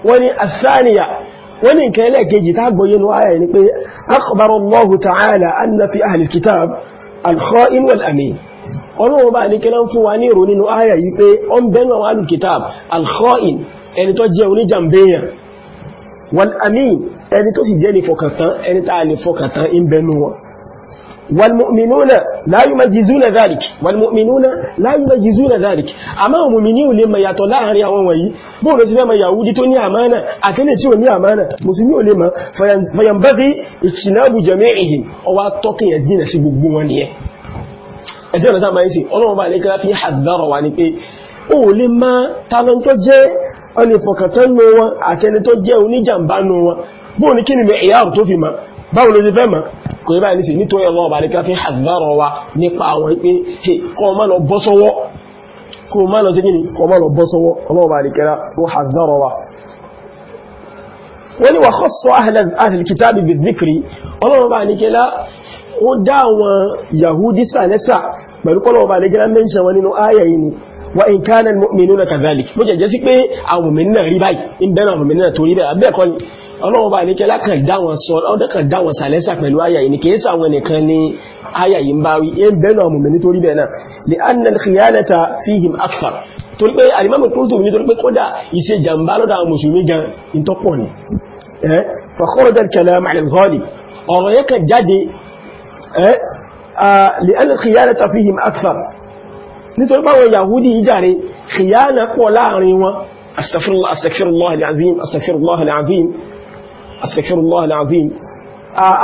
wọn ni wọn wọ́n ní nǹkan ẹlẹ́ẹ̀kejì tá gbọ́yé ní ayà ni pé akhbara Allahu ta'ala anna fi ahli kitab al-kha'in wal-amin ọlọ́run bá ní kílán fún wa ní ìrò nínú ayà yìí pé ó ń bẹ́nu àwọn alùkìtàb al-kha'in ẹni tó jẹ́ oníjàmbéyàn wal ẹni tó sì jẹ́ ní fọkàntán ẹni tá a lè bẹ́nu wọn والمؤمنون لا يميزون ذلك والمؤمنون لا يميزون ذلك àmọ́ òmìnirí ò lè mẹ̀yà tọ̀ láàrin àwọn wọ̀nyí bóòrò ti fẹ́ mẹ̀yà wúdí tó ní àmánà àkílẹ̀ tí ò ní àmánà musulmi ò lè mọ̀ fayambari ìṣìnàbù jami'ihim ọwá tọ́kì ẹ̀dínà sí gbogbo wọn ni ẹ ẹjẹ́ ọ̀nà sáà máa ń sí ọlọ́run bá lẹ́kẹ́lá fi hàdárọ̀ wà ní pé ó lè máa tàbí tó jẹ́ ọlẹ́fọ̀kàtán nù wọn àtẹni tó jẹ́ oníjàmbá nù wọn bóò ní kí ni mẹ́ ìyá tó fi máa báwo ló ti fẹ́ mọ̀ kò yíba ní sí nítorí ọlọ́wọ́ bá nípa fi àgbàrọ̀ wa nípa àwọn ipé kọ́ má lọ bọ́ sọ́wọ́ kò má lọ sí gini kọ́ má lọ bọ́ sọ́wọ́ ọlọ́wọ́ bá nípa ó àgbàrọ̀ wa wọ́n ni wà kọ́ sọ ahìlìkítàbì bí zikiri ọlọ́wọ́ bá nípa ó dá àwọn yahudi sàlẹ́sà pẹ̀lú kọ́lọ̀wọ́ bá nípa in kana al-mu'minuna kadhalik bó jẹ́ sí pé àwọn mọ̀mìnà rí báyìí in bẹ́ẹ̀ àwọn mọ̀mìnà tó bẹ́ẹ̀ abẹ́ẹ̀kọ́ ni ọlọ́run bá ní kẹlá kan dáwọn sọ ọdọ́ kan dáwọn sàlẹ́sà pẹ̀lú àyà yìí ni kìí sọ àwọn nìkan ní àyà yìí ń bá wí ẹ ń bẹ́nu àwọn mùmí nítorí bẹ́ẹ̀ náà lè annal khiyanata fihim akthar torí pé alimami Qurtubi nítorí pé kódà ìṣe jàmbá lọ́dọ̀ àwọn mùsùlùmí gan ìtọ́pọ̀ ni fa kharaja al-kalam ala al-ghalib ọ̀rọ̀ yẹ kan jáde lè annal khiyanata fihim akthar nítorí báwọn yahudi ìjàre khiyana pọ̀ láàrin wọn astaghfirullah astaghfirullah al-azim astaghfirullah astaghfirullah alazim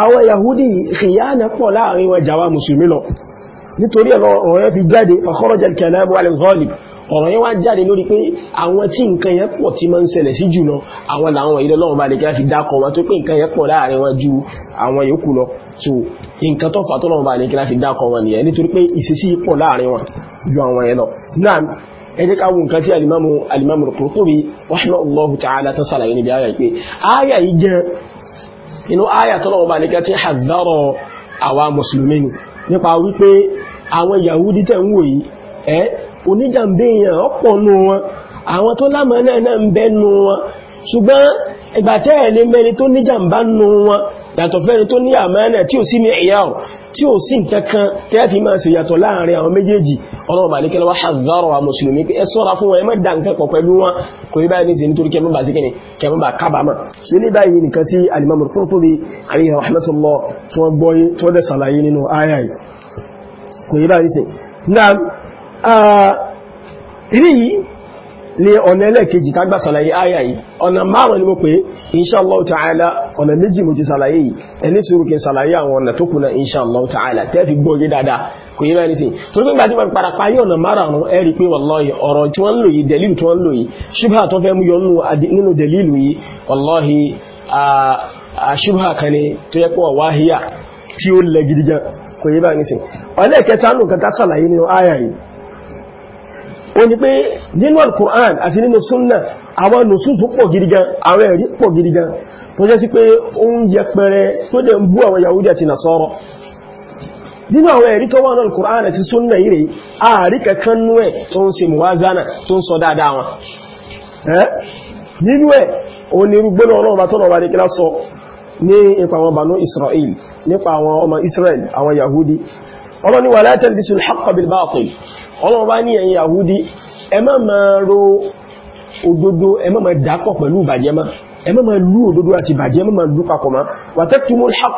àwọn yahudi khiyana pọ̀ láàrin wọn jàwà musulmi lọ nítorí ọ̀rọ̀ yẹn fi jáde fa kharaja al-kalamu ala al-ghalib ọ̀rọ̀ yẹn wá jáde lórí pé àwọn tí nǹkan yẹn pọ̀ tí máa ń ṣẹlẹ̀ sí jùlọ àwọn làwọn ilẹ̀ lọ́wọ́ bá lè kí fi dákọ̀ wọn tó pé nǹkan yẹn pọ̀ láàrin wọn ju àwọn yòókù lọ so nǹkan tó fà bá lè kí fi dákọ̀ wọn nìyẹn nítorí pé ìṣesí pọ̀ láàrin wọn ju àwọn yẹn lọ ẹjẹ́ ká nǹkan tí alimamu alimamu Qurtubi rahimahullahu ta'ala ta sàlàyé níbi ayà pé ayà yìí jẹ́ inú ayà tọ́lọ̀ ọba nìkan tí hàdárọ̀ àwa mùsùlùmí nípa wípé àwọn yahudi tẹ̀ ń wò yìí ẹ́ oníjàmbéèyàn ọ̀pọ̀ nù wọn àwọn tó lámọ̀ náà náà ń bẹ́ nù wọn ṣùgbọ́n ìgbà tẹ́ẹ̀ yàtọ̀ fẹ́ni tó ní àmánà tí ò sí mi ìyá ọ̀ tí ò sí nǹkankan tẹ́ẹ̀fì máa ṣe yàtọ̀ láàrin àwọn méjèèjì ọlọ́run màlíkẹ́ lọ́wọ́ hazarọ̀ àwọn mùsùlùmí pé ẹ sọ́ra fún wọn ẹ má dá nǹkan kan pẹ̀lú wọn kò rí báyìí nìsí nítorí kẹmọ́ bá sí kẹ́ni kẹmọ́ bá kábàámà sí ilé báyìí nìkan tí alimamur Qurtubi alayhi rahmatullah tí wọ́n gbọ́yé tí wọ́n dẹ̀ sàlàyé nínú ayà yìí kò rí báyìí nìsí Ni ọ̀nà ẹlẹ́ẹ̀kejì tágbà sàlàyé àyà yìí ọ̀nà márùn ni mo ta'ala ọ̀nà méjì mo ti sàlàyé yìí ẹni sùúrù kí sàlàyé àwọn ọ̀nà ta'ala tẹ́ fi gbọ́ yé dáadáa kò yí báyìí nísìn tó nígbà tí wọ́n padà parí ọ̀nà márùn ẹ rí pé wàláhì ọ̀rọ̀ tí wọ́n lò yìí dẹ̀lílù tí wọ́n lò yìí ṣùgbọ́n àtọ́ fẹ́ mú yọ ó ní pé nínú al-Qur'an àti nínú súnnà àwọn nùsùsù pọ̀ gidigan àwọn ẹ̀rí pọ̀ gidigan tó jẹ́ sí pé ó ń tó dẹ̀ ń bú àwọn Yahudi àti Nasara nínú àwọn ẹ̀rí tó wà al-Qur'an àti súnnà yìí rẹ̀ ààrí ẹ̀ tó ń ṣe muwazana tó ń sọ dáadáa wọn ọlọ́ni wà la talbisu al-haqqa bil-batil ọlọ́run bá ní ẹ̀yin Yahudi ẹ má ma ro òdodo ẹ má ma dákọ̀ pẹ̀lú ìbàjẹ́ má ẹ má ma lú òdodo àti ìbàjẹ́ má ma lú papọ̀ má wa taktumu al-haqq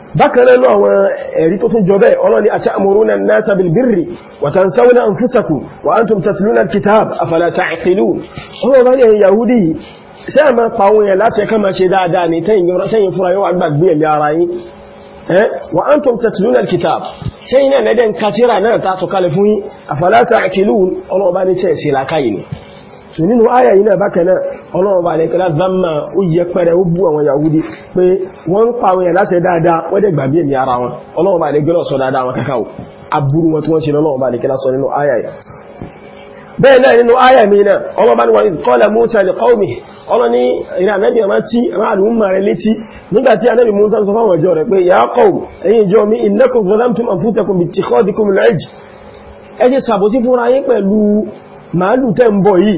bákanáà náà àwọn ẹ̀rí tó tún jọbẹ́ ọlọ́ni atamuruna an-nasa bil birri wa tansawna anfusakum wa antum tatluna al-kitab afala ta'qilun ọmọ bá ní ẹ̀yìn yahudi ṣe àmà pàwọn èèyàn ọlọ́run bá zama ó yẹ pẹ́rẹ ó bú àwọn yahudi pé wọ́n ń pa àwọn èèyàn láṣẹ dáadáa wọ́n dẹ̀ gbàgbé èmì ara wọn ọlọ́run bá lẹ́kẹ́lá sọ dáadáa wọn kakao aburú wọn tí wọ́n ṣe lọ́lọ́run bá lẹ́kẹ́lá sọ nínú àyà yà mara létí nígbà tí ànábì Musa sọ fáwọn ọjọ́ ya qaum ẹ̀yin ìjọ mi innakum zalamtum anfusakum bittikhadikumul ijl ẹ ti sàbòsí fúnra yín pẹ̀lú màálù tẹ́ ń bọ̀ yìí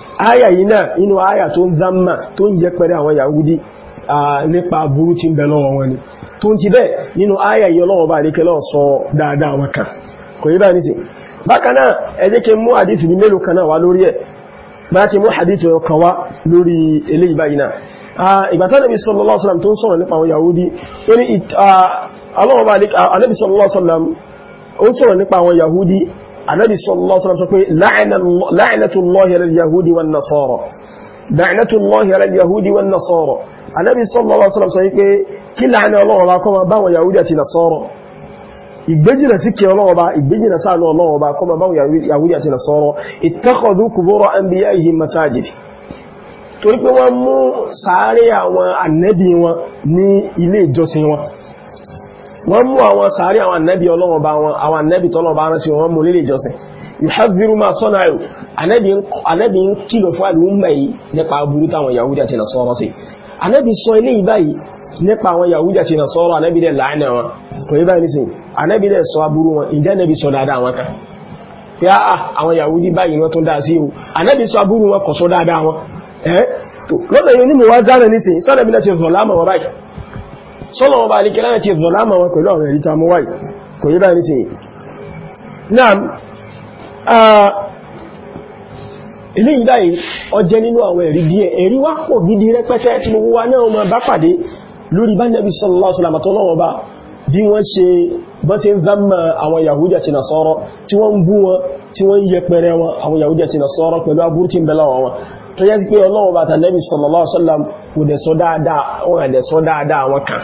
Aya yìí náà inú áyà tó ń zama tó ń yẹpẹrẹ àwọn Yahudi nípa burú tí ń bẹ lọ́wọ́ wọn ni tó ń ti bẹ́ nínú áyà yìí ọlọ́wọ́ bá rí kẹlọ́ sọ dáadáa wọn kan kò yí bá ní sí bákan náà ẹ jẹ́ kí mú àdífì ní mélòó kan náà wá lórí ẹ̀ bá ti mú àdífì kan wá lórí eléyìí báyìí Ànábì sallallahu alaihi wasallam sọ pé la'natullahi ala al-yahudi wan nasara la'natullahi ala al-yahudi wan nasara Ànábì sallallahu alaihi wasallam sọ pé kí la'na Ọlọ́run bá kó máa bá wọn yahudi àti nasara ìgbéjìnà sí kí Ọlọ́run bá ìgbéjìnà sáànú Ọlọ́run bá kó máa bá wọn yahudi àti nasara ittakhadhu qubura anbiya'ihim masajid torí pé wọ́n mú sàárè àwọn ànábì wọn ní ilé ìjọsìn wọn wọ́n mú àwọn sàárì àwọn annabi ọlọ́wọ́ bá wọn àwọn annabi tọ́lọ́ bá rántí wọn mú nílé ìjọsìn yuhadhiru ma sana'u annabi ń kìlọ̀ fún àlùmọ̀ yìí nípa aburú táwọn yahudi àti nasọ́rọ́ sí annabi sọ ilé ìbáyìí nípa àwọn yahudi àti nasọ́rọ́ annabi dẹ̀ láàánà wọn kò yí báyìí nísìn annabi dẹ̀ sọ aburú wọn ìjẹ́ annabi sọ dáadáa wọn kan pé á àwọn yahudi báyìí wọn tó dáa sí o annabi sọ aburú wọn yóò ní mo wá zánà nísìn sọ́dọ̀ bí láti zọ̀ láàmà báyìí sọ́nà ọba alikẹ́ láti zọlámà wọn pẹ̀lú àwọn ẹ̀ríta mọ́ wáyìí kò yí báyìí sí náà ilé ìdáyìí ọjẹ́ nínú àwọn ẹ̀rí díẹ̀ ẹ̀rí wá pọ̀ gidi rẹpẹtẹ tí gbogbo wa náà ma bá pàdé lórí bá nẹ́bí sallallahu alaihi wasallam bí wọ́n ṣe bọ́n ṣe ń zama eh, àwọn Yahudi àti Nasara tí wọ́n ń bú wọn tí wọ́n ń yẹpẹrẹ wọn àwọn Yahudi àti Nasara pẹ̀lú aburú tí ń bẹ lọ́wọ́ wọn tó yẹ́ sí pé Ọlọ́run bá tàbí sallallahu alaihi wasallam kò dẹ̀ sọ dáadáa wọn kàn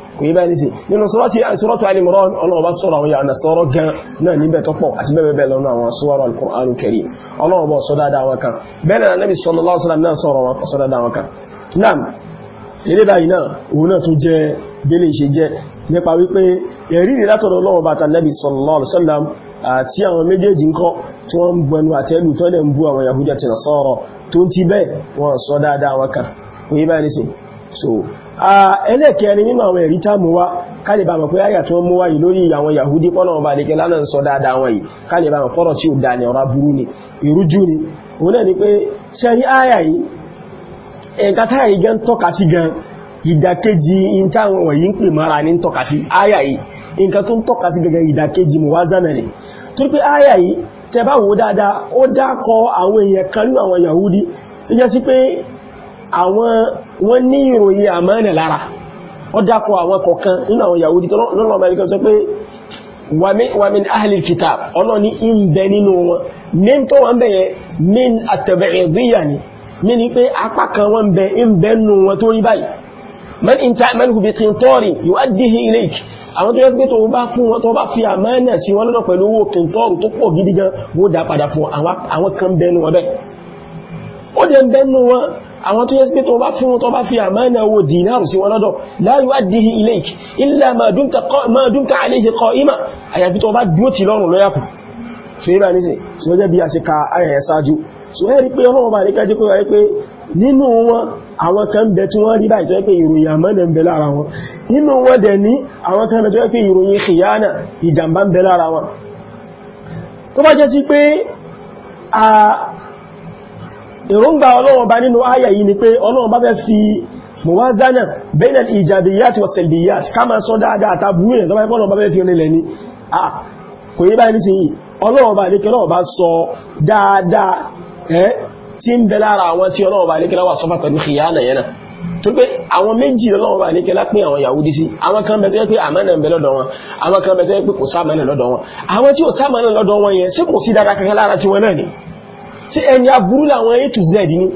kò yí bá ní sí nínú suratu Al-Imran ọlọ́wọ́ bá sọ́rọ̀ àwọn yàna sọ́rọ̀ gan náà níbẹ̀ tó pọ̀ àti bẹ́ẹ̀bẹ́ẹ̀ lọ́nà àwọn suwara Al-Qur'anul Karim ọlọ́wọ́ bá sọ dáadáa wọn kan bẹ́ẹ̀ náà Nabi sallallahu alaihi wasallam náà sọ̀rọ̀ wọn sọ dáadáa wọn kan náà eré báyìí náà òun náà tó jẹ́ délé ìṣe jẹ́ nípa wípé ẹ̀rí kò yí báyìí nísìn so ẹlẹ́kẹrin nínú àwọn ẹ̀rí tá mú wá kálẹ̀bà mọ̀ pé àyà tó mú lórí àwọn Yahudi pọ́nà ọba àdíkẹ́ lánà ń sọ dáadáa wọ́n yìí kálẹ̀bà mọ̀ fọ́rọ̀ tí ó dá ní ọ̀rá burú ni ìrújú ni òun náà ni pé ṣẹ́rí àyà yìí ẹ̀ka táyà yìí gan tọ́ka sí gan ìdàkejì ìntàwọn wọ̀nyí ń pè mara mụwa ni torí pé àyà yìí àwọn wọ́n ní ìròyìn àmánà lára ó dákọ̀ àwọn kọ̀kan nínú àwọn Yahudi lọ́nà Amẹ́ríkà sọ pé wa min ahli kitab ọlọ́ni ìbẹ̀ nínú wọn ní tó wọ́n bẹ̀yẹ min àtẹ̀bẹ̀ẹ̀dìyà ni ní ni pé apá kan wọ́n bẹ̀ man in ta'manhu bi qintarin yu'addihi ilayk àwọn tó yẹ pé tó bá fún wọn tó bá fi àmánà sí wọn lọ́nà pẹ̀lú owó qintaru tó pọ̀ gidi gan wó dá padà fún àwọn kan bẹnu wọn ó dẹ̀ bẹ́nu wọn àwọn tó yẹ sí pé tó bá fún wọn tó bá fi àmánà owó dìnáàrù sí wọn lọ́dọ̀ la yu'addihi ilayk illa ma dumta alayhi qa'ima àyàfi tó bá dúó ti lọ́rùn lọ́yàkù ṣe bá ní sí tí ó jẹ́ bí a ṣe ka ayẹyẹ sáájú so ẹ́ rí pé ọlọ́wọ́ bá ní kájí kó rí pé tó bá jẹ́ sí pé èròǹgbà ọlọ́wọ́ bá nínú ayà yìí ni pé ọlọ́wọ́ bá fẹ́ fi mọ̀wázánà bẹ́ẹ̀nà ìjàdìyàtì wà sẹ̀lìyàtì ká máa sọ dáadáa tàbúrú ẹ̀ tọ́bá ìpọ́nà bá fẹ́ fi onílẹ̀ ní à kò yí báyìí nísìnyí ọlọ́wọ́ bá lékẹ́ lọ́wọ́ bá sọ dáadáa ẹ́ tí ń bẹ lára àwọn tí ọlọ́wọ́ bá lékẹ́ lọ́wọ́ sọ́fà pẹ̀lú kìyànà yẹn náà tó pé àwọn méjì lọ́wọ́ bá lékẹ́ lápín àwọn Yahudi sí àwọn kan bẹ̀tẹ́ pé àmánà ń lọ́dọ̀ wọn àwọn kan bẹ̀tẹ́ pé kò sáàmánà lọ́dọ̀ wọn àwọn tí ò sáàmánà lọ́dọ̀ wọn yẹn sí kò sí dáadáa kankan lára tiwọn náà tí ẹni aburú làwọn a to z ní 100%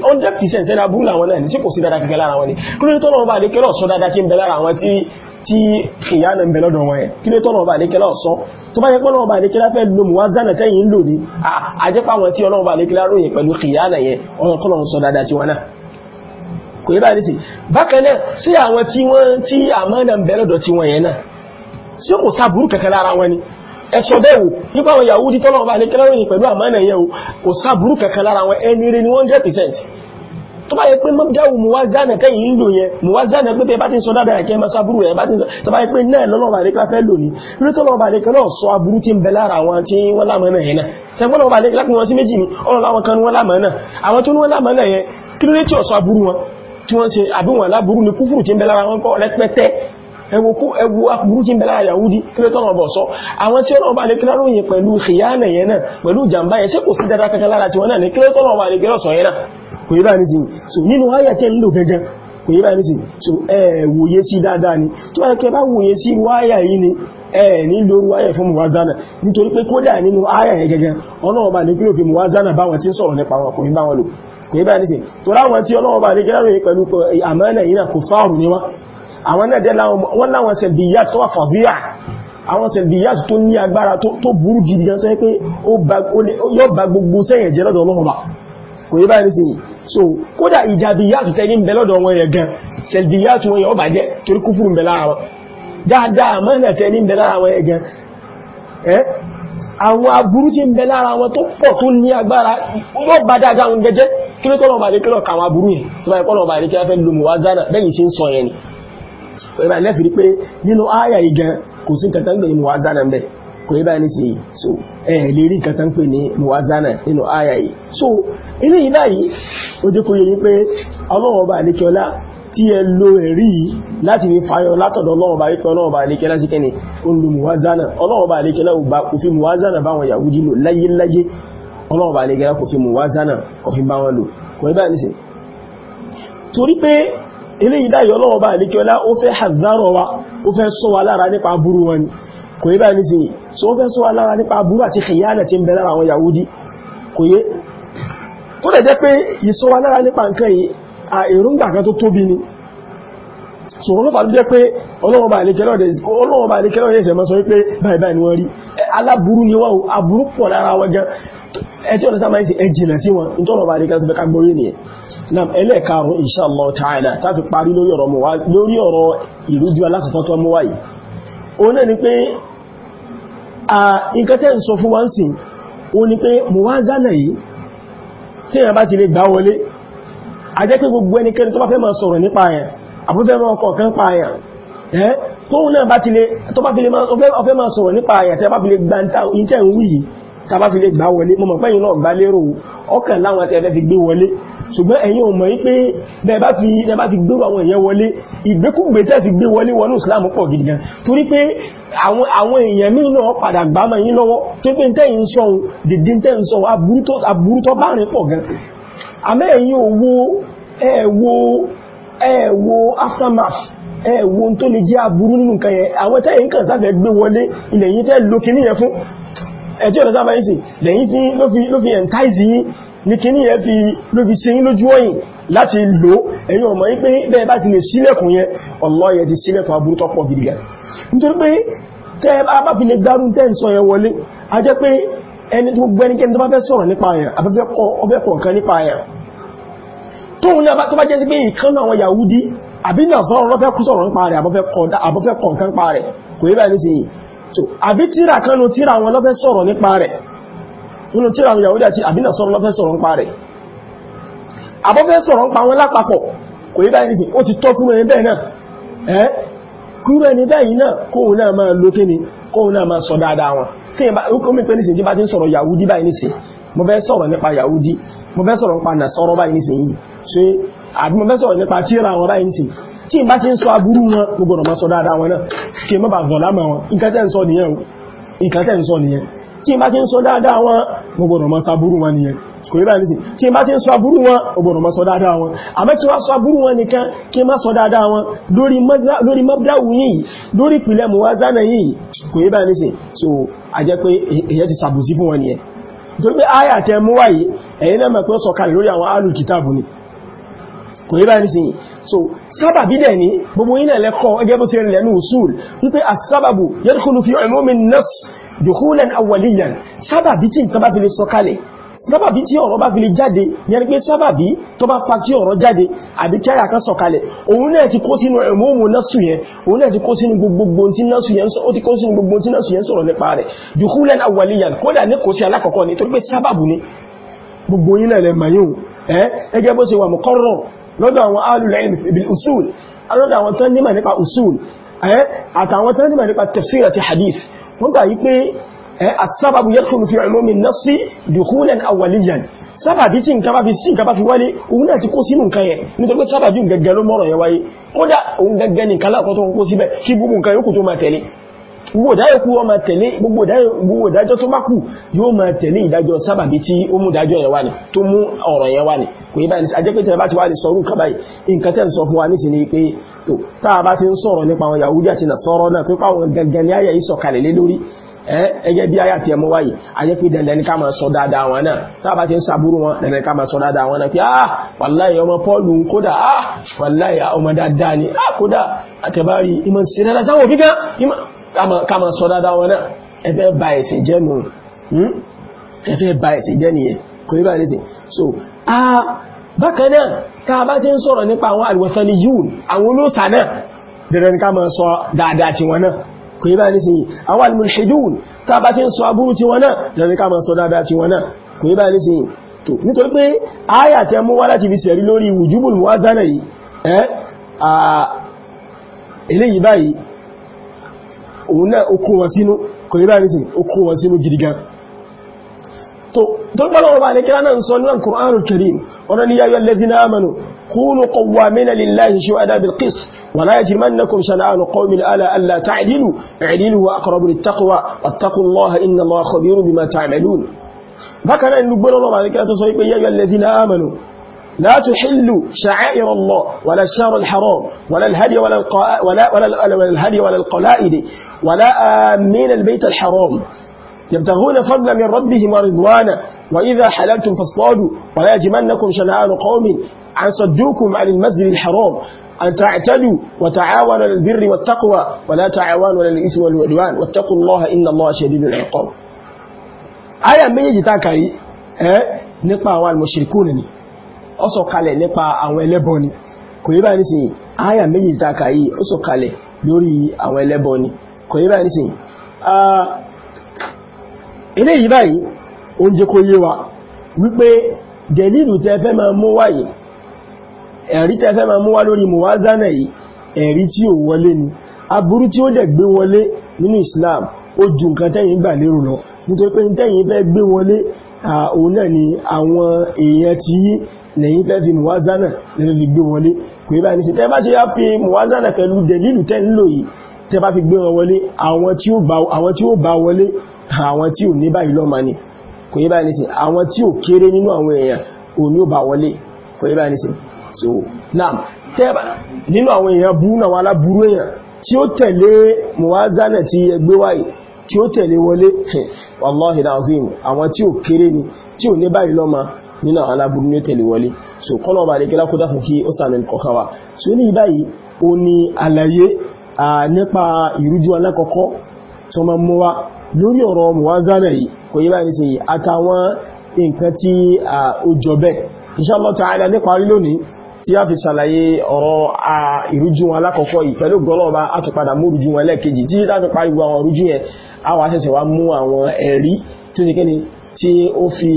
ẹni aburú làwọn náà ní tí kò sí dada kẹkẹ lára wọn ni kí ló tọ́nà ọba àdékẹ́lọ̀ sọ dada tí ń bẹ lára wọn tí tí ìyá náà ń bẹ lọ́dọ̀ wọn ẹ̀ kí ló tọ́nà ọba àdékẹ́lọ̀ sọ tó bá yẹ pọ́nà ọba àdékẹ́lá fẹ́ lo mùwá zánà tẹ́yìn ń lò ní àjẹ́pá wọn tí ọlọ́ọba àdékẹ́lá ròyìn pẹ̀lú kìyànà yẹn ọ̀nà tọ́nà sọ dada tí wọn náà kò yẹ báyìí sí bákan náà sí àwọn tí wọ́n tí àmọ́ náà ń bẹ lọ́dọ̀ tí wọn yẹn ẹ̀ṣọ́ bẹ́ẹ̀wò nípa àwọn Yahudi tọ́lọ̀ bá ní kílọ́rìn pẹ̀lú àmánà yẹn o kò sáàbùrú kankan lára wọn ẹni rẹ̀ ni 100% tó bá yẹ pé mọ́bídáwò muwazana kẹ́yìn ń lò yẹn muwazana pé bẹ́ẹ̀ bá ti sọ dáadáa kẹ́ ma sáàbùrú rẹ̀ bá ti sọ bá yẹ pé náà lọ́lọ́ba àdékà fẹ́ lò ní lórí tọ́lọ́ba àdékà náà sọ aburú tí ń bẹ lára àwọn tí wọ́n lámọ́nà yẹn náà sẹ́gbọ́n lọ́ba àdékà lápin wọn sí méjì ni ọlọ́lọ́ àwọn kan wọ́n lámọ́nà àwọn tó ní ẹwọ kú ẹwọ aburú tí ń bẹ̀rẹ̀ àyàwúdí kílé tọ́nà ọbọ̀ sọ àwọn tí ọ̀nà ọba ní kílá ròyìn pẹ̀lú ìyáàlẹ̀ yẹn náà pẹ̀lú ìjàmbá yẹn sí kò sí dáadáa kankan lára tí wọ́n náà ní kílé tọ́nà ọba ní kílọ́sọ̀ yẹn náà kò yí bá ní sí so nínú ayà tẹ́ ń lò gangan kò yí bá ní sí ni tó bá kẹ bá wòye sí wáyà yìí ni ẹ ní lóru ayà fún muwazana nítorí pé kódà nínú ayà yẹn gangan ọ̀nà ọba náà kò fáàrù ni àwọn náà dẹ́ wọ́n láwọn sẹ̀dìyà tó wà fàbíyà àwọn sẹ̀dìyà tó ní agbára tó burú gidi gan tó yẹ pé yóò bá gbogbo sẹ́yìn jẹ́ lọ́dọ̀ ọlọ́run so kódà ìjàdìyà tó tẹ́lẹ̀ ń bẹ lọ́dọ̀ wọn yẹn gan sẹ̀dìyà tó wọn yẹn ọba jẹ́ torí kúfùrù ń bẹ lára wọn dáadáa mọ́nà tẹ́lẹ̀ ń bẹ lára wọn yẹn gan àwọn aburú tí ń bẹ lára wọn tó pọ̀ tó ní agbára wọ́n bá dáadáa ń gẹ́jẹ́ kí ló tọ́lọ̀ bàdé kí lọ kàwọn aburú yìí tó bá ìpọ́lọ̀ bàdé kí wọ́n fẹ́ lomùwázánà bẹ́yìn sí ń sọ yẹn pẹ̀lú báyìí lẹ́fìrí pé nínú àyà igan kò sí nǹkan tán pè ní muwazana ń kò rí báyìí nísìnyí so ẹ̀ lè rí nǹkan tán pè ní muwazana nínú àyà yìí so ilé yìí báyìí ó jẹ́ kó yé yín pé ọlọ́wọ́ ọba àlékiọlá tí ẹ lo ẹ̀rí láti fi fayọ látọ̀dọ̀ ọlọ́wọ́ bá wípé ọlọ́wọ́ bá àlékiọlá sí kẹ́ni ó ń lo muwazana ọlọ́wọ́ bá àlékiọlá kò fi muwazana báwọn Yahudi lò láyé láyé ọlọ́wọ́ bá àlékiọlá kò fi muwazana kò fi báwọn lò kò rí báyìí nísìnyí torí pé ilé ìdáyọ̀ ọlọ́wọ́ bá àlékí ọlá ó fẹ́ hazarọ̀ wa ó fẹ́ sọ wa lára nípa burú wọn ni kò yí bá ní sí so ó fẹ́ sọ wa lára nípa burú àti khiyana tí ń bẹ lára àwọn yahudi kò yé tó lè jẹ́ pé ìsọ wa lára nípa nǹkan yìí à èròǹgbà kan tó tóbi ẹtí ọ̀nà sáàmà ìsì ẹjìnà sí wọn ìtọ́nà bá rí káàkiri kagbórí ni nam ẹlẹ́ẹ̀karùn insha Allah ta'ala tá fi parí lórí ọ̀rọ̀ ìrújú alákọ̀ọ́tọ́ mú wáyìí o náà ni pé a nǹkan tẹ́ ń sọ fún wọ́n sìn o ni pé muwazana yìí tí èèyàn bá ti lè gbá wọlé a jẹ́ pé gbogbo ẹnikẹ́ni tó bá fẹ́ máa sọ̀rọ̀ nípa àyàn àbúfẹ́ máa kọ̀ọ̀kan pa àyàn ẹ́ tóun náà bá ti lè tó bá fi lè máa sọ̀rọ̀ nípa àyàn tẹ́ bá fi lè gbá ń tẹ́ ń wí yìí tàbá fi lè gbá wọlé mo mọ̀ pẹ́yìn náà gbá lérò ọkàn láwọn tẹ́ẹ̀fẹ́ fi gbé wọlé ṣùgbọ́n ẹ̀yin ò mọ̀ pé bẹ́ẹ̀bá fi gbérò àwọn èèyàn wọlé ìgbékúgbé tẹ́ fi gbé wọlé wọnú Islam pọ̀ gidi gan torí pé àwọn èèyàn míì náà padà gbá mọ́ yín lọ́wọ́ tó pé tẹ́yìn sọ́hun dìdí tẹ́yìn sọ́hun aburú bá rìn pọ̀ gan àmẹ́ ẹ̀yin ò ẹ̀wò ẹ̀wò aftermath ẹ̀wò tó lè jẹ́ aburú nínú nǹkan yẹn àwọn tẹ́yìn kàn sáfẹ́ gbé wọlé ilẹ̀ yìí tẹ́ lókè níyẹn fún ẹ̀tí ọ̀dọ̀ sáfà ìsìn lẹ́yìn tí ló fi ẹ̀ǹká ìsìn yí ní kí ní ẹ fi ló fi ṣe yí lójú ọ̀yìn láti lò ẹ̀yìn ọmọ yí pé bẹ́ẹ̀ bá ti lè sílẹ̀kùn yẹn Allah yẹ ti sílẹ̀kùn aburú tọ́pọ̀ gidi gan nítorí pé tẹ́ bá fi lè dárún tẹ́ ń sọ yẹn wọlé a jẹ́ pé ẹni tó gbẹ́ ẹnikẹ́ni tó bá fẹ́ sọ̀rọ̀ nípa yẹn àbẹ́fẹ́ kọ̀ nǹkan nípa yẹn tóun náà tó bá jẹ́ sí pé ìkánná àwọn Yahudi àbí nàṣọ́rọ̀ lọ́fẹ́ kú sọ̀rọ̀ nípa rẹ̀ àbọ́fẹ́ kọ̀ nǹkan nípa rẹ̀ kò yí báyìí nísìnyí àbí tíra kan nínú tíra wọn lọ́fẹ́ sọ̀rọ̀ nípa rẹ̀ nínú tíra wọn Yahudi àti àbínà sọ̀rọ̀ lọ́fẹ́ sọ̀rọ̀ nípa rẹ̀ àbọ́fẹ́ sọ̀rọ̀ nípa wọn lápapọ̀ kò yí báyìí ó ti tọ́ fún ẹni bẹ́ẹ̀ náà ẹ́ kúrò ẹni báyìí náà kóhun náà máa lókè ni kóhun náà máa sọ dáadáa wọn kí ní pé nísìnyí bá ti ń sọ̀rọ̀ Yahudi báyìí nísìnyí mo fẹ́ sọ̀rọ̀ nípa Yahudi mo fẹ́ sọ̀rọ̀ nípa Nasara báyìí nísìnyí ṣe àbí mo fẹ́ sọ̀rọ̀ nípa tíra wọn báyìí nísìnyí tí ìbá ti ń sọ aburú wọn gbogbo ọ̀nà sọ dáadáa wọn náà kí mọ́ bá gọ̀lá ma wọn nǹkan tẹ́ ń sọ nìyẹn nǹkan tẹ́ ń sọ nìyẹn tí ìbá ti ń sọ dáadáa wọn gbogbo ọ̀nà sọ aburú wọn nìyẹn kò yíba ní sí tí ìbá ti ń sọ aburú wọn gbogbo ọ̀nà sọ dáadáa wọn àmọ́ kí wá sọ aburú wọn nìkan kí má sọ dáadáa wọn lórí mọ́bdáwù yìí lórí ìpìlẹ̀ muwazana yìí kò yíba ní sí so a jẹ́ pé e, èyẹ ti sàbùsí fún wọn nìyẹn torí pé áyà tẹ mú wáyé ẹ̀yìn náà mẹ́kún sọ̀kalẹ̀ lórí àwọn alùkítàbù ni kò yíba ní sin so sábàbí dẹ̀ ní gbogbo ilẹ̀ lẹ́kọ́ ẹgẹ́ bó ṣe rìnlẹ̀ ní usul wípé àsábàbù yadkhulu fi umumi an-nass dukhulan awwaliyan sábàbí tí nǹkan bá fi lè sọ kalẹ̀ sábàbí tí ọ̀rọ̀ bá fi lè jáde yẹn pé sábàbí tó bá fa kí ọ̀rọ̀ jáde àbí kí àyàkan sọ̀kalẹ̀ òun náà ti kó sínú umumu násù yẹn òun náà ti kó sínú gbogbo tí násù yẹn ó ti kó sínú gbogbo tí násù yẹn sọ̀rọ̀ nípa rẹ̀ dukhulan awwaliyan kódà ní kò sí alákọ̀ọ́kọ́ ni torí pé sábàbù ni gbogbo yín náà lẹ mọ̀ yóò ẹ́ ẹgẹ́ bó ṣe wà mọ̀kọ́rọ̀ lọ́dọ̀ àwọn alùlẹ́yìn bil usul alọ́dọ̀ àwọn tán nímọ̀ nípa usul eh, àtàwọn tán nímọ̀ nípa tafsir àti hadith wọ́n gbà yí pé eh, asábàbù yadkhulu fi umumi nasi dukhulan awwaliyan sábàbí tí nǹkan bá fi sí nǹkan bá fi wáyé òun náà ti kó sínú nǹkan yẹn nítorí pé sábàbí gẹ́gẹ́ ló mọ́rọ̀ yẹn wáyé kódà òun gẹ́gẹ́ nìkan láàkọ́ tó ń kó síbẹ̀ kí gbogbo nǹkan yóò kù tó máa tẹ̀lé gbogbo ìdájọ́ kú ọmọ tẹ̀lé gbogbo ìdájọ́ tó bá kù yóò máa tẹ̀lé ìdájọ́ sábàbí tí ó mú ìdájọ́ yẹn wá ní tó mú ọ̀rọ̀ yẹn wá ní kò yí báyìí ajẹ́ pé tẹ̀lé bá ti wá lè sọ orúkọ báyìí nǹkan tẹ́ ń sọ fún wa ní ti ní pé tó tá a bá ti ń sọ̀rọ̀ nípa àwọn Yahudi àti Nasara náà tó pa àwọn gangan ní ayé ìsọ̀kalẹ̀ lé lórí ẹgẹ́ bí ayà tí ẹmọ wáyìí ayẹ́ pé dandan ní ká máa sọ dáadáa wọn náà tàbá tí ń sàbúrú wọn dandan ká máa sọ dáadáa wọn náà pé ah wàláyé ọmọ Pọ́ọ̀lù ń kódà ah wàláyé ọmọ dáadáa ni ah kódà àtẹ̀bárí ìmọ̀ sí dáadáa sáwọn òfin kan kama sọ dáadáa wọn náà ẹfẹ́ bá ẹ̀sìn jẹ́ nù hmm? ẹfẹ́ bá ẹ̀sìn jẹ́ nìyẹn kò rí báyìí sí so ah, bákan náà ká bá ti ń sọ̀rọ̀ nípa àwọn àlùwẹ̀sán ní yìí àwọn olóòsà náà dẹ̀rẹ̀ ní ká máa sọ dáadáa ti wọn náà kò rí báyìí sí àwọn alìmùsẹ̀dùn tá bá ti ń sọ aburú ti wọn náà dẹ̀rẹ̀ ní ká máa sọ dáadáa òun náà ó kó wọn sínú kò yí báyìí sí ó kó wọn sínú gidi gan tó dọ́gbọ́nà ọba àdékẹ́lá náà ń sọ níwọ̀n Qur'anul Karim ọ̀nà ni yáyọ lẹ́sìn amanu kúnù kọwà mẹ́nà lillahi shuhada bil qist wà láyé jì mẹ́nà kùn shana'anu qawmin ala alla ta'dilu i'dilu wa لا تحل شعائر الله ولا الشهر الحرام ولا الهدي ولا القا... ولا ولا, الهدي ولا القلائد ولا آمين البيت الحرام يبتغون فضلا من ربهم ورضوانا وإذا حللتم فاصطادوا ولا يجمنكم شنعان قوم أن صدوكم عن المسجد الحرام أن تعتدوا وتعاونوا على البر والتقوى ولا تعاونوا على الإثم والعدوان واتقوا الله إن الله شديد العقاب آية من يجي تاكاي؟ ايه؟ yìí nípa ó sọ̀kalẹ̀ nípa àwọn ẹlẹ́bọ ni kò yé báyìí nísìnyí àyà méjì ìtaka yìí ó sọ̀kalẹ̀ lórí àwọn ẹlẹ́bọ ni kò yé báyìí nísìnyí eléyìí báyìí oúnjẹ kò yé wa wípé dẹ̀lìlù tẹ́fẹ́ máa mú wáyé ẹ̀rí tẹ́fẹ́ máa mú wá lórí muwazana yìí ẹ̀rí tí ò wọlé ni aburú tí ó dẹ̀ gbé wọlé nínú Islam ó ju nǹkan tẹ́yìn gbà lérò lọ nítorí pé tẹ́yìn fẹ́ gbé wọlé ni àwọn èèyàn tí lẹ́yìn tẹ́ fi muwazana lẹ́fẹ́ fi gbé wọlé kò yí báyìí sí tẹ́ bá ti yá fi muwazana pẹ̀lú dẹ̀lìlù tẹ́ ń lò yìí tẹ́ bá fi gbé wọn wọlé àwọn tí ó bá wọlé àwọn tí ò ní báyìí lọ́mà ni kò yí báyìí sí àwọn tí ò kéré nínú àwọn èèyàn ò ní ó bá wọlé kò yí báyìí sí so nam tẹ́ bá nínú àwọn èèyàn burú náà wà láburú èèyàn tí ó tẹ̀lé muwazana ti ẹgbẹ́ wáyìí tí ó tẹ̀lé wọlé wallahi alazim àwọn tí ò kéré ni tí ò ní báyìí lọ́mà nínú àwọn aláburú ní ó tẹ̀lé wọlé so kọ́nà ọba àdékẹ́lá kó dákùn kí ó sàmì kọ̀ọ̀kan wa so ní ìbáyìí ó ní àlàyé nípa ìrújú alákọ̀ọ́kọ́ tó máa mú wa lórí ọ̀rọ̀ muwazana yìí kò yí báyìí sí àtàwọn nǹkan tí ó jọ bẹ́ẹ̀ inshallah ta'ala níparí a fi ṣàlàyé ọ̀rọ̀ ìrújú wọn alákọ̀ọ́kọ́ yìí pẹ̀lú gọ́lọ́ọ̀bá àtùpadà mú ìrújú wọn lẹ́ẹ̀kejì tí láti parí gbogbo àwọn ìrújú a wà ṣẹ̀ṣẹ̀ wá mú àwọn ẹ̀rí tí ó fi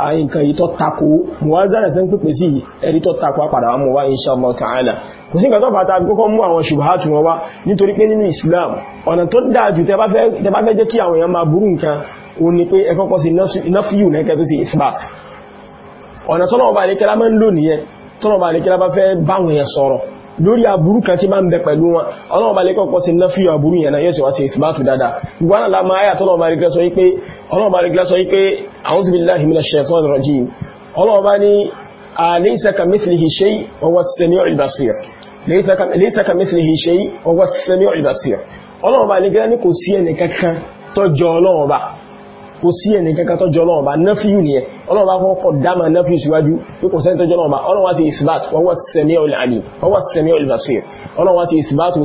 nǹkan yìí tó takò muwazana tó ń pèpè sí ẹ̀rí tó takò àpàdà mú wá inṣàlọ́ ta'ala kò sí nǹkan tó fàtà kókó mú àwọn ṣubhátù wá nítorí pé nínú Islam ọ̀nà tó dájú tẹ bá fẹ́ jẹ́ kí àwọn èèyàn máa burú nǹkan ó ní pé ẹ kọ́kọ́ sí nafiyu nẹ́kẹ́ tó sí isbat ọ̀nà tọ́nà ọba àríkẹ́lá máa ń lò nìyẹn lórí aburú kan tí bá ń bẹ pẹ̀lú wọn ọlọ́run bá lẹ́kọ̀ọ́ pọ̀ sí ná fíyọ aburú yẹn náà yóò sì wá sí ìfìbátù dáadáa ìgbọ́n náà lámà ayà tọ́lọ́run bá rí gbẹ́sọ wípé ọlọ́run bá rí gbẹ́sọ wípé a'udhu billahi minash shaitanir rajim ọlọ́run bá ní laysa kamithlihi shay'un kò sí ẹnì kankan tó kò sí ẹni kankan tó jọ Ọlọ́run bá náfíyù nìyẹn Ọlọ́run bá kọ́ kọ̀ dáma náfíyù síwájú pé kò sẹ́ni tó jọ Ọlọ́run bá Ọlọ́run wá sí isbat wa huwa as-sami'ul 'alim wa huwa as-sami'ul basir Ọlọ́run wá sí isbatu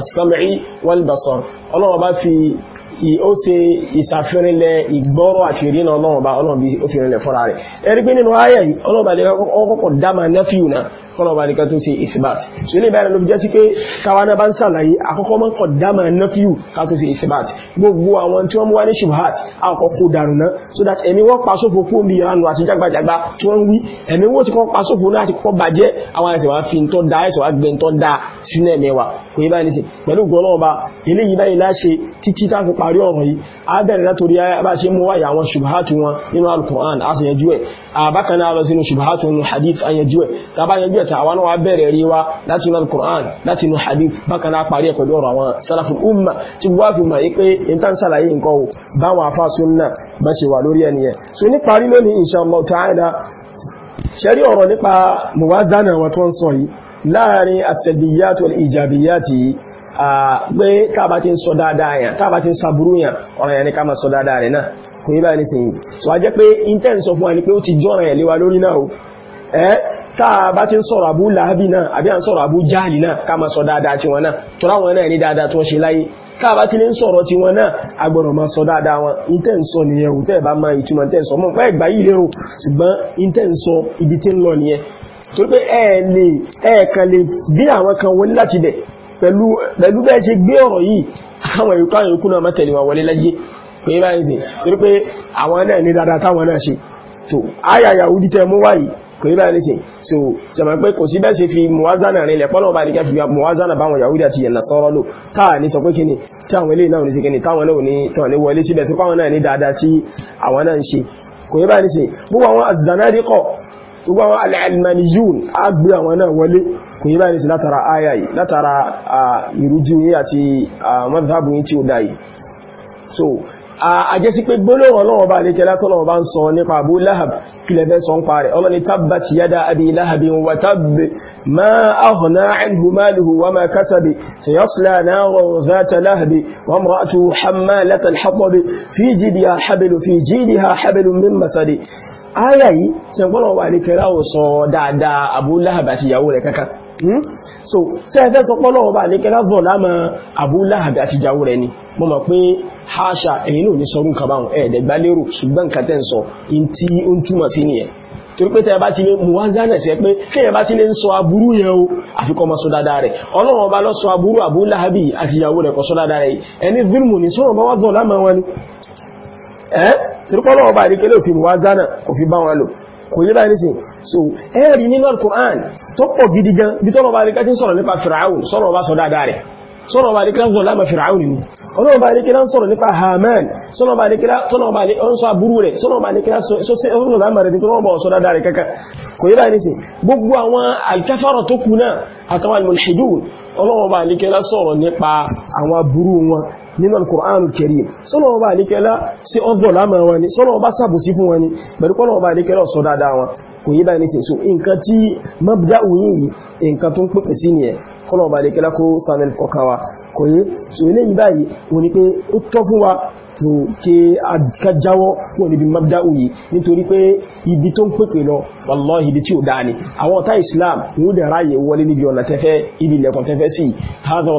as-sam'i Ọlọ́run bá ó ṣe ìsàfihànilẹ̀ ìgbọ́rọ̀ àti ìrìnà ọlọ́run bá ọlọ́run bí ó fi rìnlẹ̀ fọ́ra rẹ̀ ẹ̀rí pé nínú ayẹ̀ ọlọ́run bá lè ọkọ̀kọ̀ dáma nẹ́fíù náà kọ́lọ̀ bá lè kẹ́tọ́ sí ìsìbát so ilé ìbáyẹ̀ ló jẹ́ sí pé káwana bá ń sàlàyé àkọ́kọ́ mọ́ kọ̀ dáma nẹ́fíù kátó sí ìsìbát gbogbo àwọn tí wọ́n mú wá ní ṣubhat àkọ́kọ́ dànù náà so that ẹ̀mí wọ́n pasófo kú omi ìranu àti jágbàjàgbà tí wọ́n ń wí ẹ̀mí wọ́n ti kọ́ pasófo náà àti kọ́ bàjẹ́ àwọn àìsàn wá fi ntọ́ da àìsàn wá gbẹ ntọ́ da sínú ẹ̀mẹ́wà kò yí báyìí nísìn pẹ̀lú gbọ́nà ọba eléyìí báyìí láṣe títí tá parí ọ̀rọ̀ yìí a bẹ̀rẹ̀ látorí bá ṣe mú wáyà àwọn ṣubhátù wọn nínú al-Qur'an a sì yanjú ẹ̀ àbákan náà lọ sínú ṣubhátù nínú hadith a yanjú ẹ̀ tàbá yanjú ẹ̀ tàwọn wa bẹ̀rẹ̀ rí wa láti inú al láti inú hadith bákan parí ẹ̀ pẹ̀lú àwọn salaful umma ti wá fi mọ̀ pé in sàlàyé nǹkan o báwọn afá sunna bá ṣe wà lórí ẹni ẹ̀ so ní parí lónìí insha Allah ṣẹ́rí ọ̀rọ̀ nípa muwazana wọn tó ń sọ yìí láàrin as-salbiyyat yìí pé káàbá ti ń sọ dáadáa yàn káàbá ti ń sàbúrú yàn ọ̀rọ̀ yàn ni ká máa sọ dáadáa rẹ̀ náà kò yí báyìí nísìnyí so a jẹ́ pé intent sọ fún ni pé ó ti jọ́ràn yàn léwa lórí náà o ẹ́ káàbá ti ń sọ̀rọ̀ àbú làábì náà àbí à ń sọ̀rọ̀ àbú jáàlì náà ká máa sọ dáadáa tiwọn náà tó láwọn náà ní dáadáa tó ń ṣe láyé káàbá ti lè ń sọ̀rọ̀ tiwọn náà a gbọ́dọ̀ máa sọ dáadáa wọn intẹ́ ń sọ nìyẹn ò tẹ́ẹ̀ bá máa ìtumọ̀ pẹ̀lú bẹ́ẹ̀ ṣe gbé ọ̀rọ̀ yìí àwọn ìrúkà ìrúkú náà mẹ́tẹ̀lé wọn wọlé lẹ́yẹ pé báyìí sí torí pé àwọn náà ní dáadáa táwọn náà ṣe tó àyà Yahudi tẹ mú wáyìí kò báyìí sí so sẹ̀mọ̀ pé kò sí bẹ́ẹ̀ ṣe fi muwazana rìn lẹ̀ pọ́lọ̀ báyìí fi muwazana báwọn Yahudi àti yẹ̀nà sọ́rọ́ lò táà ní sọ pé kíni táwọn ilé náà ní sí kíni táwọn náà ní tàn ní wọlé síbẹ̀ tó káwọn náà ní dáadáa gbogbo àwọn al'almaniyun a gbé àwọn náà wọlé kò yí báyìí sí látara aya yìí látara ìrújú yìí àti madhabu yìí tí ó dáyì so a jẹ́ sí pé gbólóhùn ọlọ́wọ́ bá lékẹ́ látọ́lọ́wọ́ bá ń sọ nípa Abu Lahab kílẹ̀fẹ́ sọ ń parẹ̀ ọlọ́ni tabbat yada abi lahabin wa tabb ma aghna anhu maluhu wa ma kasabi sayasla naran zata lahabi wa imra'atuhu àyà yìí tí ó gbọ́nà wà ní kẹrà ò dáadáa Abu Lahab àti ìyàwó rẹ̀ kankan hmm? so tí ẹ fẹ́ sọ pọ́nà wà ní kẹrà zọ̀ lámà Abu Lahab àti ìyàwó rẹ̀ ni mo mọ̀ pé haṣa ẹ̀yin náà ní sọrún nǹkan báwọn ẹ̀ẹ́dẹ̀ gbá lérò ṣùgbọ́n nǹkan tẹ́ ń sọ in tí ó ń túmọ̀ sí nìyẹn torí pé tẹ́ẹ̀ bá ti lé muwazana sí ẹ pé kíyàn bá ti lé sọ aburú yẹn o àfikọ́ ma sọ rẹ̀ ọlọ́run ọba lọ sọ aburú Abu Lahabi àti ìyàwó rẹ̀ kọ sọ dáadáa rẹ̀ ẹni vilmu ní sọ́rọ̀ bá wá zọ̀ lámà wọn ẹ́ tìrúkọ́lọ́ ọba àríkẹ́lẹ́ òfin wazana kò fi bá wọn lò kò yí báyìí sí so ẹ́rì nínú al-Qur'an tó pọ̀ gidi gan bí tọ́nà ọba àríkẹ́ tí ń sọ̀rọ̀ nípa Fir'aun sọ̀rọ̀ ọba sọ dáadáa rẹ̀ sọ́nà ọba àríkẹ́ lọ́nà láàmà Fir'aun ni ọlọ́nà ọba àríkẹ́ ń sọ̀rọ̀ nípa Haman sọ́nà ọba àríkẹ́ ń sọ àbúrú rẹ̀ sọ́nà ọba àríkẹ́ sọ́nà láàmà rẹ̀ nítorí ọba ọ̀sọ́ dáadáa rẹ̀ kankan kò yí báyìí sí gbogbo àwọn al-kafarah tó kù náà àtàwọn al-mulhidun ọlọ́nà ọba àríkẹ́ sọ̀rọ̀ nípa àwọn àbúrú wọn nínú alkùránù karim sọ́nà ọba àníkẹ́lá sí ọdún lámà wọn ni sọ́nà ọba sàbòsí fún wọn ni pẹ̀lú pọ́nà ọba àníkẹ́lá ọ̀sọ́ dáadáa wọn kò yí báyìí sí so nǹkan tí mabda òyìn yìí nǹkan tó ń pèpè sí nìyẹn kọ́nà ọba ni pé ó tọ́ fún tó ká jáwọ́ kúrò níbi mabda'u yìí nítorí pé ibi tó ń pèpè lọ wallahi ibi tí ó dáa ni àwọn ọ̀tá islam wọ́n dẹ̀ ráyè wọlé níbi ọ̀nà tẹ́fẹ́ ibi ilẹ̀kùn tẹ́fẹ́ sí hadha